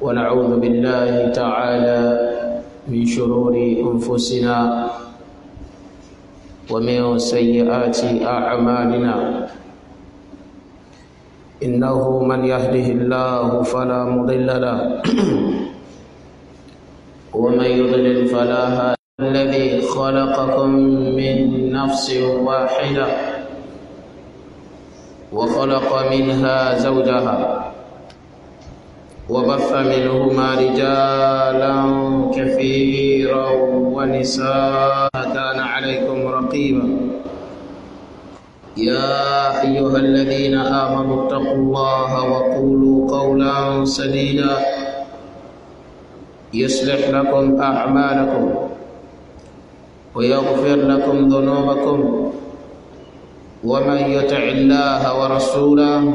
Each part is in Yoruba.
ونعوذ بالله تعالى من شرور أنفسنا ومن سيئات أعمالنا إنه من يهده الله فلا مضل له ومن يضلل فلا هادي الذي خلقكم من نفس واحدة وخلق منها زوجها وبث منهما رجالا كثيرا ونساء كان عليكم رقيبا يا ايها الذين امنوا اتقوا الله وقولوا قولا سديدا يصلح لكم اعمالكم ويغفر لكم ذنوبكم ومن يطع الله ورسوله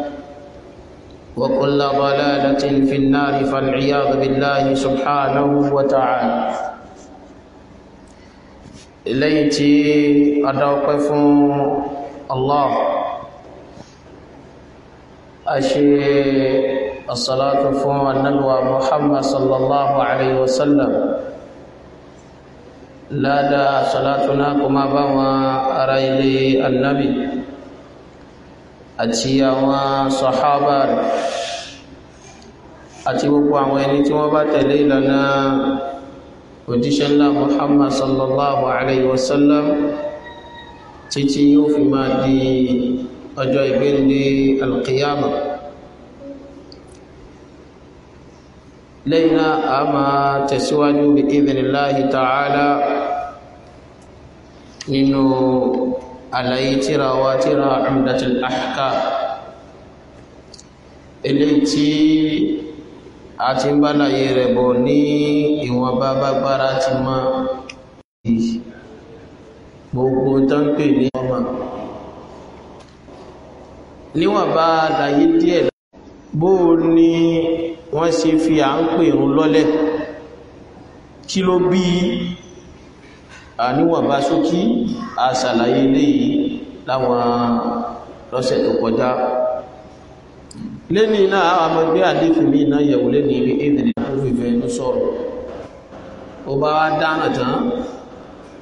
وكل ضلالة في النار فالعياذ بالله سبحانه وتعالى إليتي أدوقف الله أشي الصلاة فوم النبوة محمد صلى الله عليه وسلم لا دا صلاتنا كما بوا أرى النبي àti àwọn sọ̀hábà rẹ̀ àti gbogbo àwọn ẹni tí wọ́n bá tẹ̀lé ìlànà òjíṣẹ́ ńlá Muhammad sallallahu alayhi wa sallam títí yóò fi máa di ọjọ́ ìgbéǹde alqiyama lẹ́yìn náà a máa tẹ̀síwájú bi idhnillahi ta'ala nínú àlàyé tíra wa tíra Umdatul Ahkam eléyìí tí a ti ń bálàyé rẹ̀ bọ̀ ní ìwọ̀n bá bágbára ti mọ́ gbogbo tó ń ní ọmọ níwọ̀n bá àlàyé díẹ̀ bó ní wọ́n ṣe fi à ń pè ń lọ́lẹ̀ kí ló bí níwọ̀nba sókí a ṣàlàyé eléyìí láwọn lọ́sẹ̀ tó kọjá lẹ́ni náà àwọn ọmọgbé àdífì mí náà yẹ̀wò lẹ́ni ibi ìdìrí tó fìfẹ́ inú sọ̀rọ̀ ó bá wá dáhùn tán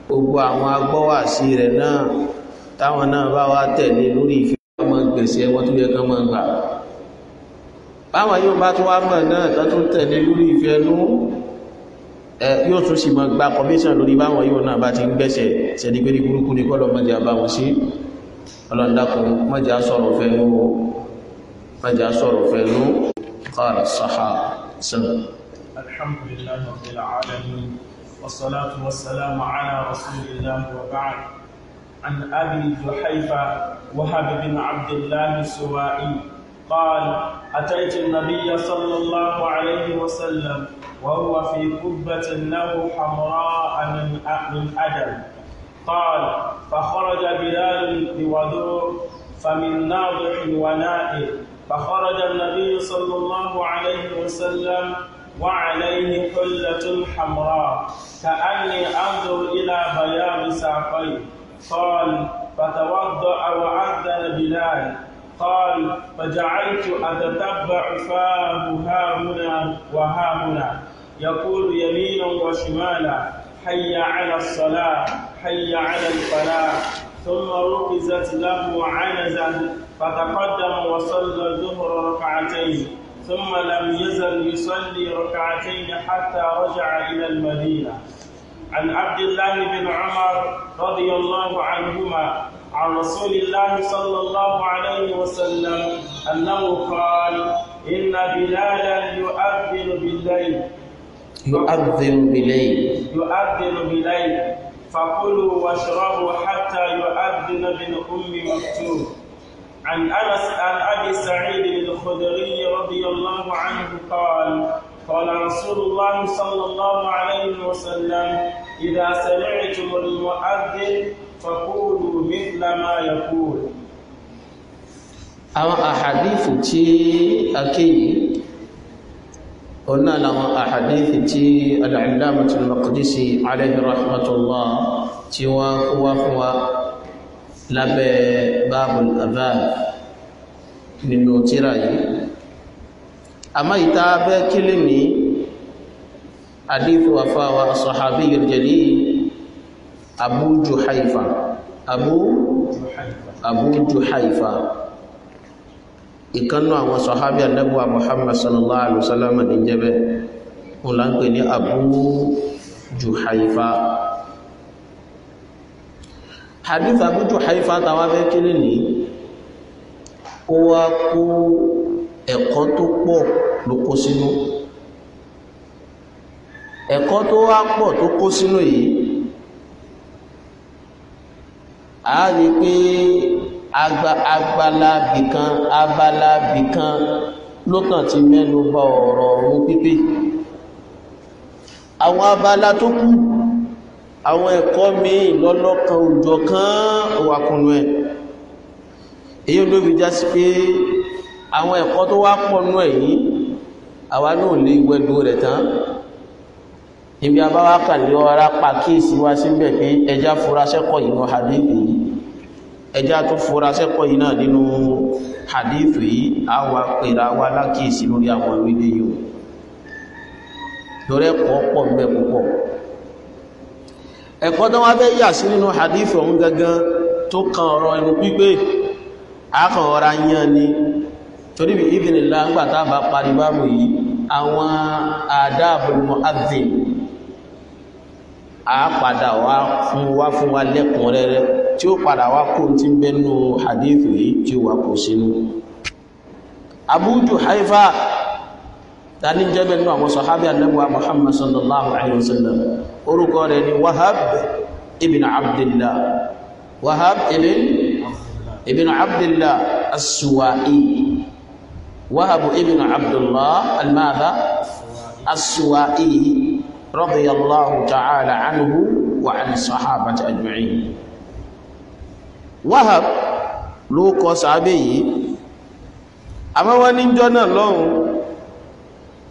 gbogbo àwọn agbọ́wàsí rẹ̀ náà táwọn náà bá wá tẹ̀lé lórí ìfẹ́ ọmọ yóò tún sì mọ́ gba commission lórí báwọn yóò náà bá ti ń gbẹ́sẹ̀ sẹ́ni pé ní burúkú ní kọ́lọ̀ mọ́jà bá wọn sí ọlọ́ndàkùn mọ́jà sọ̀rọ̀ fẹ́nu mọ́jà sọ̀rọ̀ fẹ́nu qala sahaba sọ́rọ̀ alhamdulillahi rabbil alamin wassalatu wassalamu ala rasulillahi wa قال أتيت النبي صلى الله عليه وسلم وهو في قبة له حمراء من من أدم قال فخرج بلال بوضوء فمن ناضح ونائر فخرج النبي صلى الله عليه وسلم وعليه حلة حمراء كأني أنظر إلى بياض ساقيه قال فتوضأ وأذن بلال قال فجعلت أتتبع فاه هاهنا وهاهنا يقول يمينا وشمالا حي على الصلاة حي على الفلاح ثم ركزت له عنزة فتقدم وصلى الظهر ركعتين ثم لم يزل يصلي ركعتين حتى رجع إلى المدينة عن عبد الله بن عمر رضي الله عنهما عن رسول الله صلى الله عليه وسلم أنه قال إن بلالا يؤذن بالليل يؤذن بالليل يؤذن بالليل فكلوا واشربوا حتى يؤذن بن أم مكتوم عن أنس عن أبي سعيد الخدري رضي الله عنه قال قال رسول الله صلى الله عليه وسلم إذا سمعتم المؤذن فقولوا مثل ما يقول àwọn àhàdífù tí a kéyìí ọ̀nà àwọn àhàdífù tí al-allamatul maqdisi alayhi rahmatullah tí wọ́n kówá fún wa lábẹ́ babul adhan nínú tíra yìí àmá ìta bẹ́ kílè ní حديث وفاء الصحابي الجليل أبو جحيفة أبو أبو جحيفة ìkànnà àwọn sọ̀hábí àdẹ́bùwà Muhammad sallallahu alaihi wasallam ní jẹ́bẹ̀ wọn la ń pè ní Abu Juhaifa hadith Abu Juhaifa tàwa fẹ́ kílì ní ó ẹ̀kọ́ tó pọ̀ ló kó sínú ẹ̀kọ́ tó wá pọ̀ tó kó sínú yìí a rí pé agbala bìkan abala bìkan lókàn ti mẹ́nu bá ọ̀rọ̀ ọ̀run pípé àwọn abala tó kù àwọn ẹ̀kọ́ míì lọ́lọ́kan òjò kan òwàkùnú ẹ̀ èyí ló fi já sí pé àwọn ẹ̀kọ́ tó wá pọ̀ nú ẹ̀ yìí àwa náà lè gbẹ́dùn rẹ̀ tán ibi abáwá kàlẹ́ ọ̀rá pa kíyèsí wá síbẹ̀ pé ẹja furaṣẹ́kọ̀ yìí lọ hadith yìí ẹja tó furaṣẹ́kọ̀ yìí náà nínú hadith yìí á wá pèrà wá lákíyèsí lórí àwọn ìwé yìí lórí ẹ̀kọ́ pọ̀ ń bẹ púpọ̀ ẹ̀kọ́ tó wá fẹ́ yà sí nínú hadith ọ̀hún gangan tó kan ọ̀rọ̀ ẹnu pípé àkàn ọ̀rá yán ni torí bí ìdìnnìlá ń gbà tá a bá parí báàbù yìí àwọn àdáàbò mọ́ adìyàn a padà wá fún wá fún wa lẹ́kùnrẹ́rẹ́ tí ó padà wá kó tí ń bẹ́nu hadithu yìí tí ó wà kó sínú Abu Juhayfa tani jẹ́bẹ̀ nínú àwọn sọ̀hábí annabuwa Muhammad sallallahu alaihi wasallam orúkọ rẹ̀ ni Wahab ibn Abdillah Wahab ibn ibn Abdillah as Wahab ibn Abdullah al-Madha رضي الله تعالى عنه وعن الصحابة أجمعين Wahab ló kọ sàábé yìí àmọ́ wọ́n ní jọ náà lọ́hùn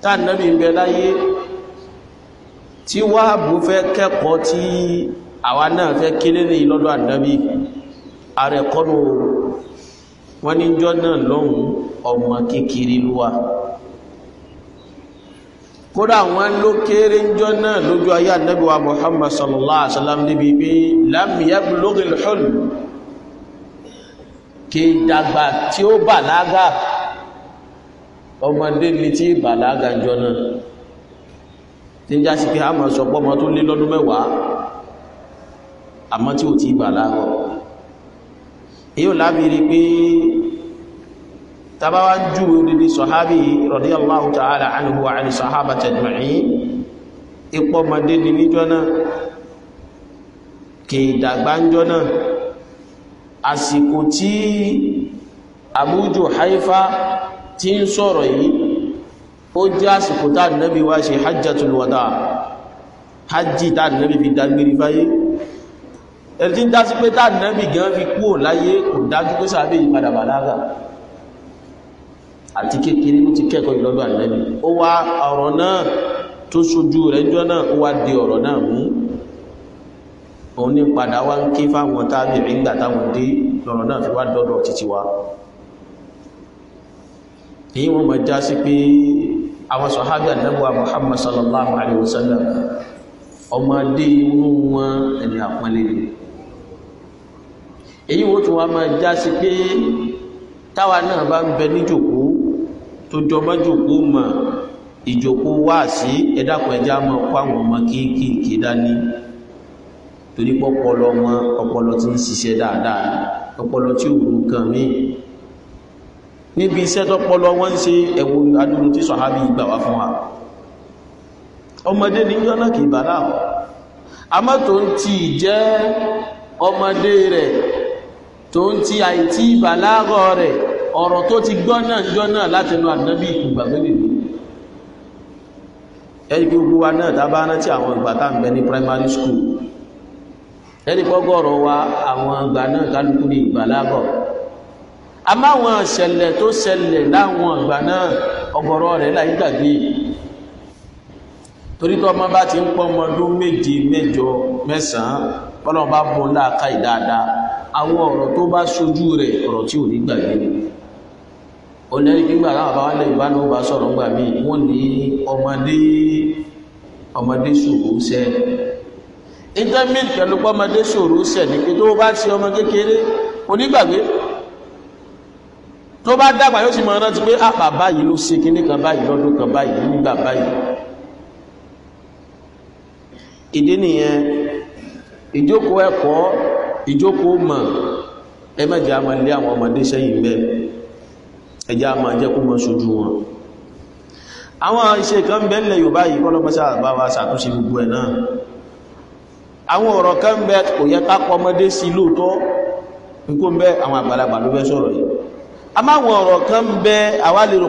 tá Ànábì ń bẹ láyé tí Wahab fẹ́ kẹ́kọ̀ọ́ tí àwa náà fẹ́ kéré ní lọ́dọ̀ Ànábì ààrẹ kọ́nù wọ́n ní jọ náà lọ́hùn ọmọ kékeré ló wà kódà àwọn ló kéré jọ lójú ayé ànábì Muhammad sallallahu alaihi wasallam níbi pé lam yablugh al-hulm kì dàgbà tí ó bàlágà ọmọdé ni tí bàlágà tí ń já a máa sọ pọ́ ọmọ tó lé lọ́dún mẹ́wàá àmọ́ tí ò tí bàlágà èyí ò tàbá wá ń júwe odidi sọ̀hábì radiyallahu ta'ala anhu wa ani sọ̀hábà tajma'in ipò ọmọdé ni níjọ́ náà kì í dàgbà ń jọ́ náà àsìkò tí Abu Juhayfa tí ń sọ̀rọ̀ yìí ó jẹ́ àsìkò tá nàbí wá ṣe hajjatul wada hajji tá nàbí fi dágbére fáyé ẹ̀rí tí ń dá sí pé tá nàbí gan fi kúrò láyé kò dájú pé sàábé ìpadà bàlágà àti kékeré ló ti kẹ́kọ̀ọ́ ìlọ́dọ̀ ànábì ó wá ọ̀rọ̀ náà tó sojú rẹ̀ jọ náà ó wá di ọ̀rọ̀ náà mú òun ní padà wá ń ké fáwọn tábìrì ńgbà táwọn dé lọ́rọ̀ náà fi wá dọ́dọ̀ títí wa èyí wọ́n mọ̀ já sí pé àwọn sọ̀hábí àdẹ́gbà Muhammad sallallahu alaihi wasallam ọmọdé inú wọn ẹni àpọ́nlé ni èyí wọ́n tún wá mọ̀ já sí pé táwa náà bá ń bẹ níjòkó tó jọmọ́ jòkó mọ̀ ìjòkó wá sí ẹ̀dàpọ̀ ẹja mọ̀ kó àwọn ọmọ kéékèèké dání torí pọ́pọlọ wọn ọpọlọ tí ń ṣiṣẹ́ dáadáa ọpọlọ tí ò rú kan míì níbi iṣẹ́ tọ́pọlọ wọ́n ṣe ẹ̀wò adúrú tí sọ̀hábí ìgbà wá fún wa ọmọdé ní yọ́nà kì í bàrá àmọ́ tó ń ti jẹ́ ọmọdé rẹ̀ tó ń ti àìtí ìbàlágọ́ rẹ̀ ọ̀rọ̀ tó ti gbọ́ náà jọ náà láti inú ànábì ìgbà mélòó ẹni pé gbogbo wa náà tábá rántí àwọn ìgbà tá bẹ ní primary school ẹni pọ́gọ́rọ̀ wa àwọn ìgbà náà kálukú ní ìgbàlágọ̀ àmọ́ àwọn ìṣẹ̀lẹ̀ tó ṣẹlẹ̀ láwọn ìgbà náà ọ̀gọ̀rọ̀ rẹ̀ láyé gbàgbé torí tó ọmọ bá ti ń pọ́ ọmọ ọdún méje mẹ́jọ mẹ́sàn-án bọ́lá ọba bọ́ ńlá ká ìdáadáa àwọn ọ̀rọ̀ tó bá ṣojú rẹ̀ ọ̀rọ̀ tí ò ní gbàgbé onẹ́rí gbígbà láwọn bá wálẹ̀ ìbánu bá sọ̀rọ̀ ńgbà mí wọ́n ní ọmọdé ọmọdé ṣòro sẹ́ intermit pẹ̀lú pọ́mọdé ṣòro sẹ́ ní pé tó bá ti ọmọ kékeré onígbàgbé tó bá dàgbà yóò ti mọ̀ rántí pé àpà ah, báyìí ló ṣe kinní kan báyìí lọ́dún kan báyìí nígbà báyìí ìdí nìyẹn ìjókòó ẹ̀kọ́ ìjókòó mọ̀ ẹ mẹ́jẹ̀ àmọ́ ilé àwọn ọmọdé sẹ́yìn bẹ́ẹ̀ ẹjá máa jẹ́ kó mọ́ sójú wọn àwọn iṣẹ́ kan bẹ́ẹ̀lẹ̀ Yorùbá yìí kọ́lọ́pọ́sá bá wa ṣàtúnṣe gbogbo ẹ̀ náà àwọn ọ̀rọ̀ kan bẹ kò yẹ ká kọ ọmọdé sí lóòótọ́ ikú ń bẹ àwọn àgbàlagbà ló fẹ́ sọ̀rọ̀ yìí a máa wọ ọ̀rọ̀ kan bẹ àwa lè rò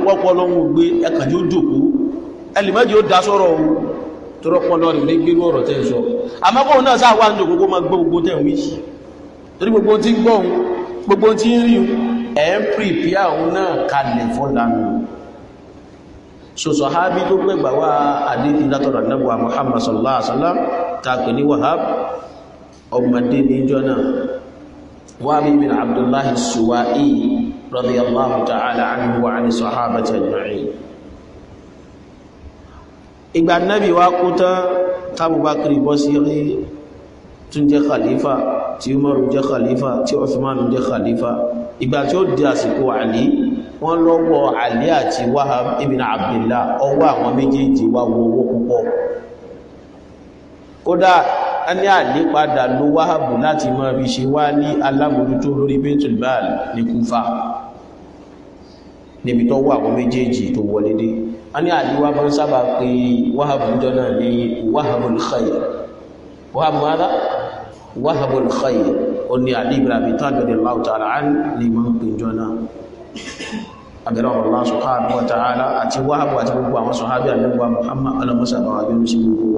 pọ́pọ́ ẹ̀ ń pìpì àwọn náà kalẹ̀ fọ́lànà so sahabi tó pẹ́ gbà wá àdíkì látọ̀rọ̀ nẹ́bùwà Muhammad sallallahu alaihi wasallam tàpẹ̀ ní Wahab ọmọdé níjọ́ náà Wahab ibn Abdullahi Suwa'i radiyallahu ta'ala anhu wa ani sahabati ajma'in ìgbà ìgbà tí ó di àsìkò àlì wọ́n lọ́wọ́ àlì àti wahab ibn abdullah ọwọ́ àwọn méjèèjì wá wo owó púpọ̀ kódà a ní àlè padà ló wahab láti máa fi ṣe wá ní alámòójútó lórí baitul mal ní kúfà níbi tó wà àwọn méjèèjì tó wọlé dé a ní àlè wá bá sábà pé wahab jọ náà ní wahabul khayr wahabul khayr ó ní Ali ibn Abi Talib radiyallahu ta'ala anhu ní mọ́ ń pè jọ náà abẹ́rẹ́ ọ̀rọ̀ Allah subhanahu wa ta'ala àti Wahab àti gbogbo àwọn sọ̀hábí àlẹ́gbà Muhammad alamọ́sà àwọn abẹ́rẹ́ sí gbogbo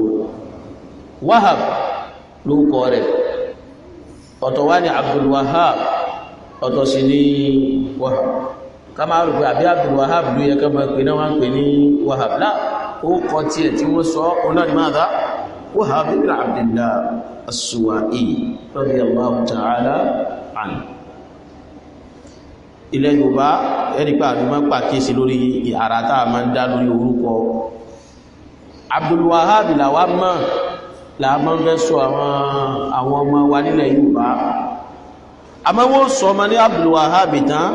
Wahab lórúkọ rẹ̀ ọ̀tọ̀ wá ní Abdul ọ̀tọ̀ sí ní Wahab ká máa rò àbí Abdul ló yẹ ká وهب بن عبد الله السوائي رضي الله تعالى عنه ilẹ̀ yorùbá ẹ̀rípa àdúgbà pàkíyèsí lórí ìhàrá táà máa ń dá lórí orúkọ abdulwahab làwá mọ́ làmọ́ fẹ́ sọ àwọn ọmọ wa nílẹ̀ yorùbá àmọ́ wọ́n sọ ọmọ ní abdulwahab tán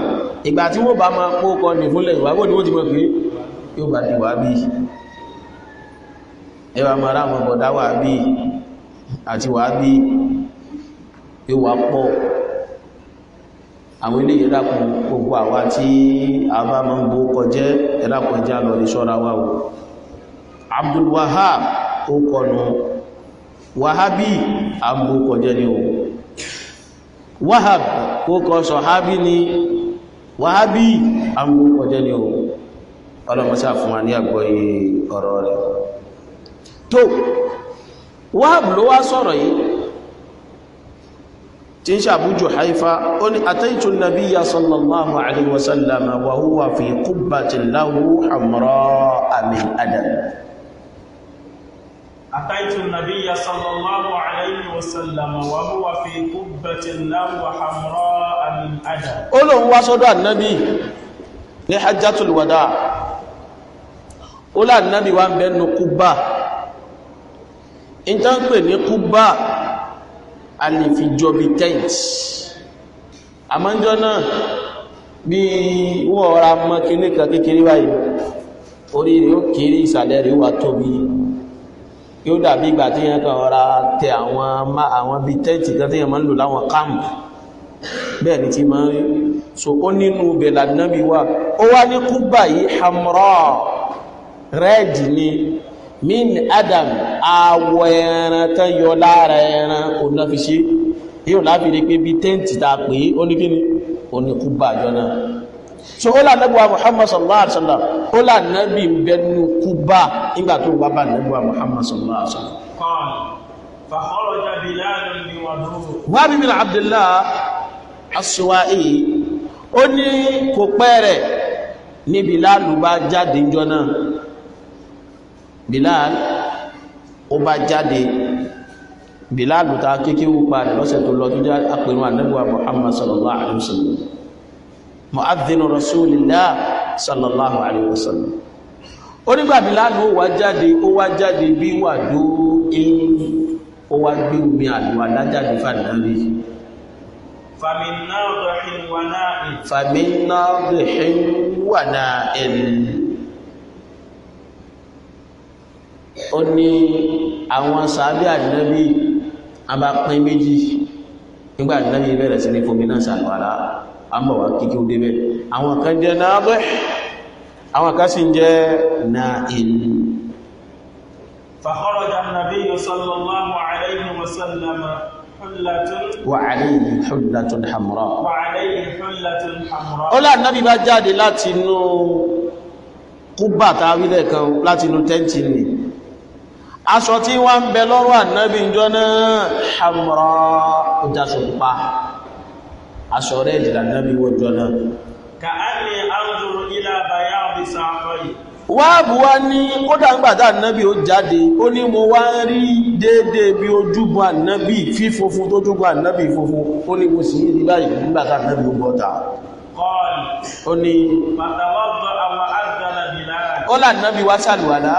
ìgbà tí wọ́n bá máa kó kọ́ ní fúnlẹ̀ yorùbá ẹwà mara àwọn bọ̀dá wà bí i àti wà bí ìwà pọ̀ àwọn ilé ìrákùn gbogbo àwa tí a bá ma ń bó kọjẹ́ ìrákùn ẹjá lọ lè ṣọ́ra wà wò Abdul Wahab ó kọnu Wahabi a ń bó kọjẹ́ ní o Wahab ó kọ sọ̀hábí ni Wahabi a ń bó kọjẹ́ ní o ọlọ́mọsá fún wa ní àgbọ́yé ọ̀rọ̀ rẹ̀ tó wáàbù ló wá sọ̀rọ̀ yìí tí ń ṣàbújù haifa ó ní àtẹ́ìtù nàbí ya sallallahu alaihi wasallama wa huwa fi qubbatin lahu hamraa min adam أتيت النبي صلى الله عليه وسلم وهو في قبة له حمراء من أدم. Ọlọ́hun wá sọ́dọ̀ Ànábì ní Hajjatul Wada. Ọlọ́hun Ànábì wà ń bẹ nínú ìtànpè ní kúbà a lè fi jọ bí tent àmọ́jọ́ náà bí wọ́n ọ̀rá mọ́ kéré kan kékeré báyìí orí rẹ̀ ó kéré ìsàlẹ̀ rẹ̀ wà tóbi yóò dàbí ìgbà tí yẹn kan ọ̀rá tẹ àwọn bí tent kan tí yẹn máa ń lò láwọn káàmù bẹ́ẹ̀ ni ti máa ń rí so ó nínú bẹ̀lá náà bí wà ó wá ní kúbà yìí hamra rẹ́ẹ̀dì ni min adam àwọ̀ ẹran tán yọ lára ẹran òun náà fi ṣe yóò láfi rí pé bí tẹ́ǹtì ta pé ó ní kí ni ó ní kú bá àjọ náà so ó lànàbíwá muhammad sallallahu alaihi wa sallam ó lànàbí ń bẹnu kú bá nígbà tó wà bá nàbíwá muhammad sallallahu alaihi wa sallam. فخرج بلال بوضوء وابي بن عبد الله السوائي ó ní kò pẹ́ rẹ̀ ní Bilal bá jáde níjọ́ náà Bilal ó bá jáde Bilal ta kéèké wúpa rẹ̀ lọ́sẹ̀ tó lọ tó já àpèrún àdẹ́gbà Muhammad sallallahu alaihi wasallam mu'adhdhin rasulillah sallallahu alaihi wasallam ó nígbà Bilal ó wá jáde ó wá jáde bí wà dó eyín ó wá gbé omi àlùwàlá jáde fàdánrí fàmínà ọ̀dọ̀ hin wà náà ẹ̀ ó ní àwọn sàábí àdínábí abapin méjì nígbà àdínábí bẹ̀rẹ̀ sí ní fomi náà sàgbàrá àmọ̀wà kíkí ó débẹ̀ àwọn kan jẹ́ náàbẹ̀ àwọn kan sì jẹ́ náà ìlú فخرج النبي صلى الله عليه وسلم wàhálẹ́yìn hùlátún hamra ó lá nábi bá jáde láti inú kúbà tàbí lẹ́kan láti inú tẹ́ntì nìí aṣọ tí wọ́n ń bẹ lọ́rọ̀ ànábì ìjọ náà hamra kò jáṣọ pupa aṣọ rẹ̀ ìjìlá ànábì wọ́jọ́ náà ka a ní àrùn ilá àbáyá ọ̀bísà àkọ́yì wáàbù wá ní kódà ń gbàdá ànábì ó jáde ó ní mo wá ń rí déédé bí ojúbọ ànábì fífofun tó júbọ ànábì fofun ó ní mo sì rí báyìí nígbàtà ànábì ó bọ́ta ó ní ó là ànábì wá sàlùwàlá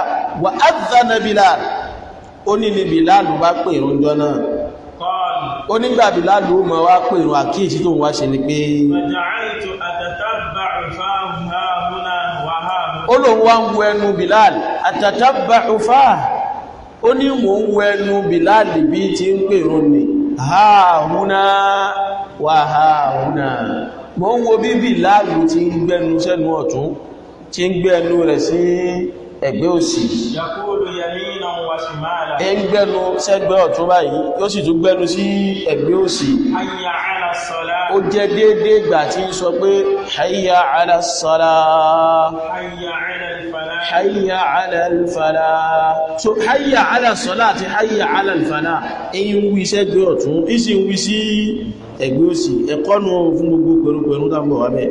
ó ní ni bìláàlù bá pè ìrún jọ náà ó nígbà bìláàlù ó mọ̀ wá pè ìrún àkíyèsí tó ń wá ṣe ni pé ó lòun wá ń wo ẹnu bìláàlù àtàtàbà òfà ó ní mò ń wo ẹnu bìláàlù bí ti ń pè ìrún ni háàhúná wà háàhúná mò ń wo bí bìláàlù ti ń gbẹnu sẹ́nu ọ̀tún ti ń gbẹnu rẹ̀ sí ẹ̀gbẹ́ òsì yàkó ẹ ń gbẹ́nu sẹ́gbẹ́ ọ̀tún báyìí yóò sì tún gbẹ́nu sí ẹ̀gbẹ́ òsì ó jẹ́ déédé ìgbà tí ń sọ pé hayya ala salah hayya ala al-falah so hayya ala salah àti hayya ala èyí ń wí sẹ́gbẹ́ ọ̀tún ìsì ń wí sí ẹ̀gbẹ́ òsì ẹ̀kọ́nù fún gbogbo pẹ̀rúpẹ̀rú dábọ̀ wà bẹ́ẹ̀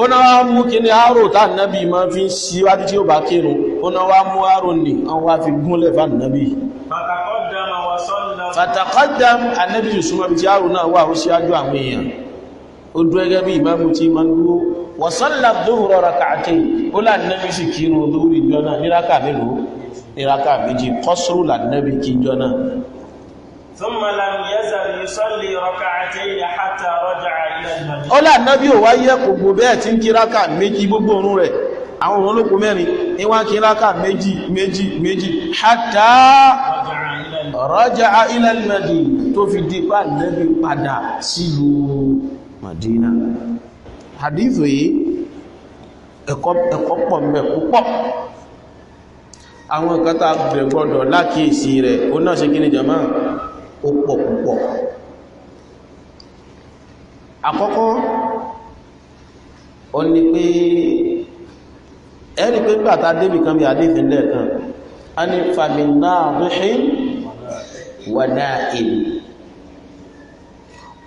ó náà mú kí ní àárò tá nábì máa fi ń síwájú tí ó bá kírun ọ̀nà wa mú àrùn ní wọ́n wá fi gúnlẹ̀ fà nàbí fàtàkọ́dàm ànábì ìsúnmọ́ bí tí àrùn náà wà ó sí ájú àwọn èèyàn ó dúró gẹ́gẹ́ bí ìmáàmù tí ma ń dúró wọ̀sánlá dóhùrọ̀ rakàtẹ́ ó lànàbí sì kírun lórí ìjọ náà níraka mélòó níraka méjì kọ́sùrù lànàbí kí ìjọ ó lànàbí ò wáyé kò gbò bẹ́ẹ̀ tí ń kíraka méjì gbogbo orun rẹ̀ àwọn òun olóko mẹ́rin ní wá kí láká méjì méjì méjì hatta raja'a ila al-Madina tó fi di pa nẹ́bí padà sílùú Madina hadith yìí ẹ̀kọ́ pọ̀ mẹ́ púpọ̀ àwọn nǹkan tá bẹ̀rẹ̀ gbọ́dọ̀ lákìísí rẹ̀ ó náà ṣe kí ní jama ó pọ̀ púpọ̀ àkọ́kọ́ ó ní pé ẹ̀rí pé gbàtà débì kan bí àdéfì lẹ́ẹ̀kan a ní fàmìnà àdúhìn wàdáìn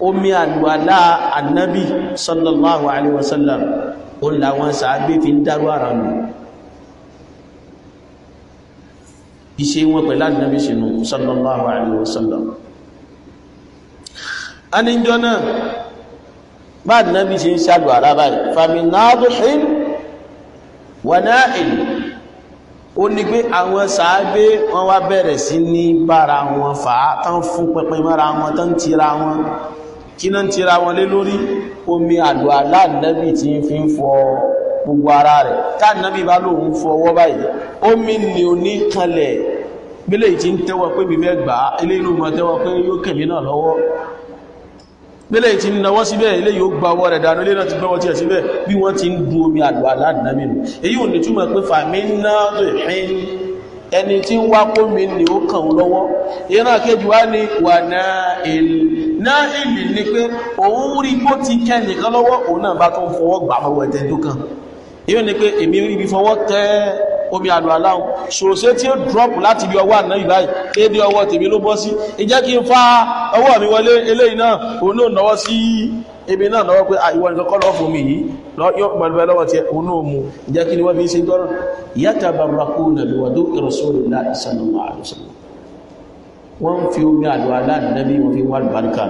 omi àlùwàlá annabi sallallahu alaihi wasallam o láwọn sàábé fi ń dárú ara nù iṣẹ́ wọn pẹ̀lú annabi sínú sallallahu alaihi wasallam a ní jọ náà bá annabi ṣe ń ṣàlùwàlá báyìí fàmìnà àdúhìn wanail ó ní pé àwọn sàábé wọ́n wá bẹ̀rẹ̀ sí ní bára wọn fà á tán fún pẹpẹ mọ́ra wọn tán tira wọn kí náà tira wọn lé lórí omi àlò aláàdẹ́bì tí fi ń fọ gbogbo ara rẹ̀ táàdínàbì bá lòun fọwọ́ báyìí omi ni ò ní kanlẹ̀ gbélé tí ń tẹ́wọ́ pé bíbẹ́ gbà á eléyìí ló tẹ́wọ́ pé yóò kẹ̀mí náà lọ́wọ́ bẹ́lẹ̀ tí náwọ́ síbẹ̀ ilé yóò gba ọwọ́ rẹ̀ dànù ilé náà ti gbọ́wọ́ tí ẹ̀ síbẹ̀ bí wọ́n ti ń du omi àdúrà aládìnàmìnù èyí ò ní túnmọ̀ pé fàmí náà rẹ̀ ẹni ẹni tí ń wá kó mi ní ó kàn ó ni pé òun rí bó ti kẹ́ nìkan lọ́wọ́ òun náà bá tó ń omi àlùwàlá o ṣòṣe tí ó drop láti ibi ọwọ́ àná ìbáyìí kéde ọwọ́ tèmi ló bọ́ sí ìjẹ́ kí n fa ọwọ́ mi wọlé eléyìí náà òun náà náwó sí ebi náà náwó pé ìwọ nìkan kọ́ lọ́ọ́ fún mi yìí yóò pẹ̀lú lọ́wọ́ tí òun náà mú ìjẹ́ kí ni wọ́n fi ń ṣe tọ́rọ yatabarrakuna bi wudu'i rasulillahi sallallahu alaihi wasallam wọ́n fi omi àlùwàlá Ànábì wọ́n fi wá àlùbáríkà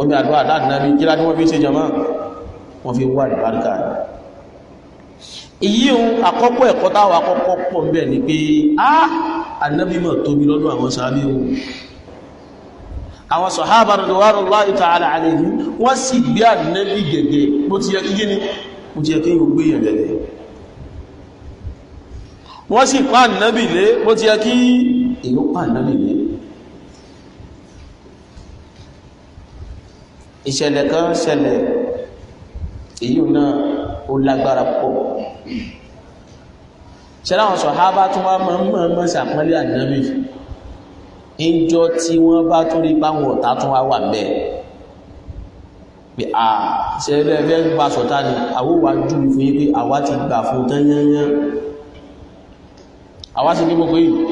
omi àlùwàlá Ànábì kí lá ni wọ́n fi ṣe jàmá wọ́n fi wá àlùbáríkà èyí ohun àkọ́kọ́ ẹ̀kọ́ táwà àkọ́kọ́ pọ̀ ń bẹ̀ ni pé á tóbi lọ́dún àwọn sàábí ohun àwọn sọ̀hábà radiyallahu ta'ala alayhim wọ́n sì gbé ànábì gẹ̀gẹ̀ bó ti yẹ kí gíní bó ti yẹ kí yóò gbé yẹn gẹ̀gẹ̀ wọ́n sì pa lé bó ti yẹ kí èyí pa lé ó lágbára púpọ̀ ṣẹlẹ àwọn sọhábà tó wá máa ń máa ń máa ṣàpọ́nlé ànábì ńjọ tí wọ́n bá tó rí báwọn ọ̀tá tó wá wà bẹ́ẹ̀ pé à ṣẹlẹ̀ fẹ́ gba sọ̀tá ni àwòwà jù fún yín pé àwa ti gbà fún tán yányán àwa sì ní gbogbo yìí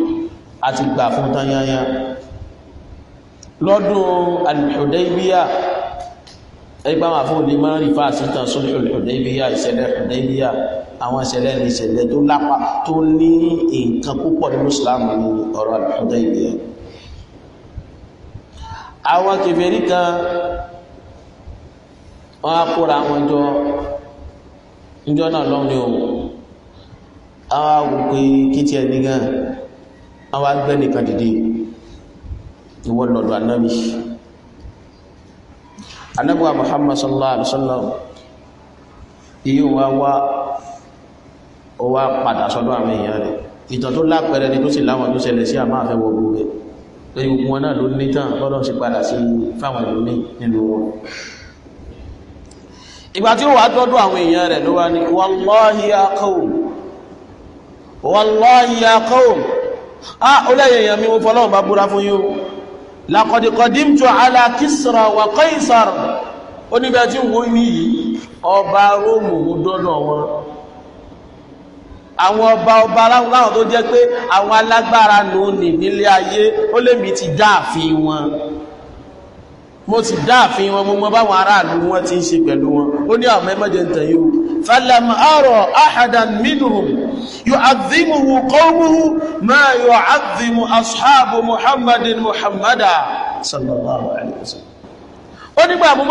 a ti gbà fún tán yányán lọ́dún Al-Hudaybiyah ẹgbẹ́ àwọn afọ́lẹ́ máa ń rí fa àṣetàn sórí Hudaybiyah ìṣẹ̀lẹ̀ Hudaybiyah àwọn ìṣẹ̀lẹ̀ ní ìṣẹ̀lẹ̀ tó lápá tó ní nǹkan púpọ̀ nínú Islam ní ọ̀rọ̀ Hudaybiyah àwọn kèfèrí kan wọ́n á kóra àwọn jọ níjọ́ náà lọ́nà ohun àwọn awùpé kìtì ẹni gan àwọn agbẹ́nìkan dìde ìwọ́n lọ́dọ̀ anábì anabuwa muhammad sallallahu alaihi wasallam iye wa wá ó wá padà sọ́dọ̀ àwọn èèyàn rẹ̀ ìtàn tó lápẹẹrẹ ni tó sì láwọn tó ṣẹlẹ̀ sí àmà àfẹ́ wọ́gbó rẹ̀ lórí gbogbo wọn náà ló ní tàn lọ́dọ̀ sí padà sí fáwọn ìlú ní nínú wọn ìgbà tí ó wà tọ́dọ̀ àwọn èèyàn rẹ̀ ló wá ní wallahi ya qawm wallahi ya qawm ah ó lẹ́yìn èèyàn mi mo fọlọ́run lakọ̀dìkọ̀dìmtò alákísra wà kọ́ìsàr onígbàtí wọ́n ní ọba róòmù dọ́dọ̀ wọn àwọn ọba ọba láwọn tó jẹ́ pé àwọn alágbára nù ní nílé ayé ó lè mi ti dáàfin wọn mo sì dáàfin wọn mo mọ báwọn aráàlú wọn ti ń ṣe pẹ̀lú wọn ó ní àwọn ẹmọ́jẹ ń tẹ̀yí o falam arọ ahadan minhum yu'azzimuhu qawmuhu ma yu'azzimu ashabu muhammadin muhammada sallallahu alayhi wa sallam ó nígbà mo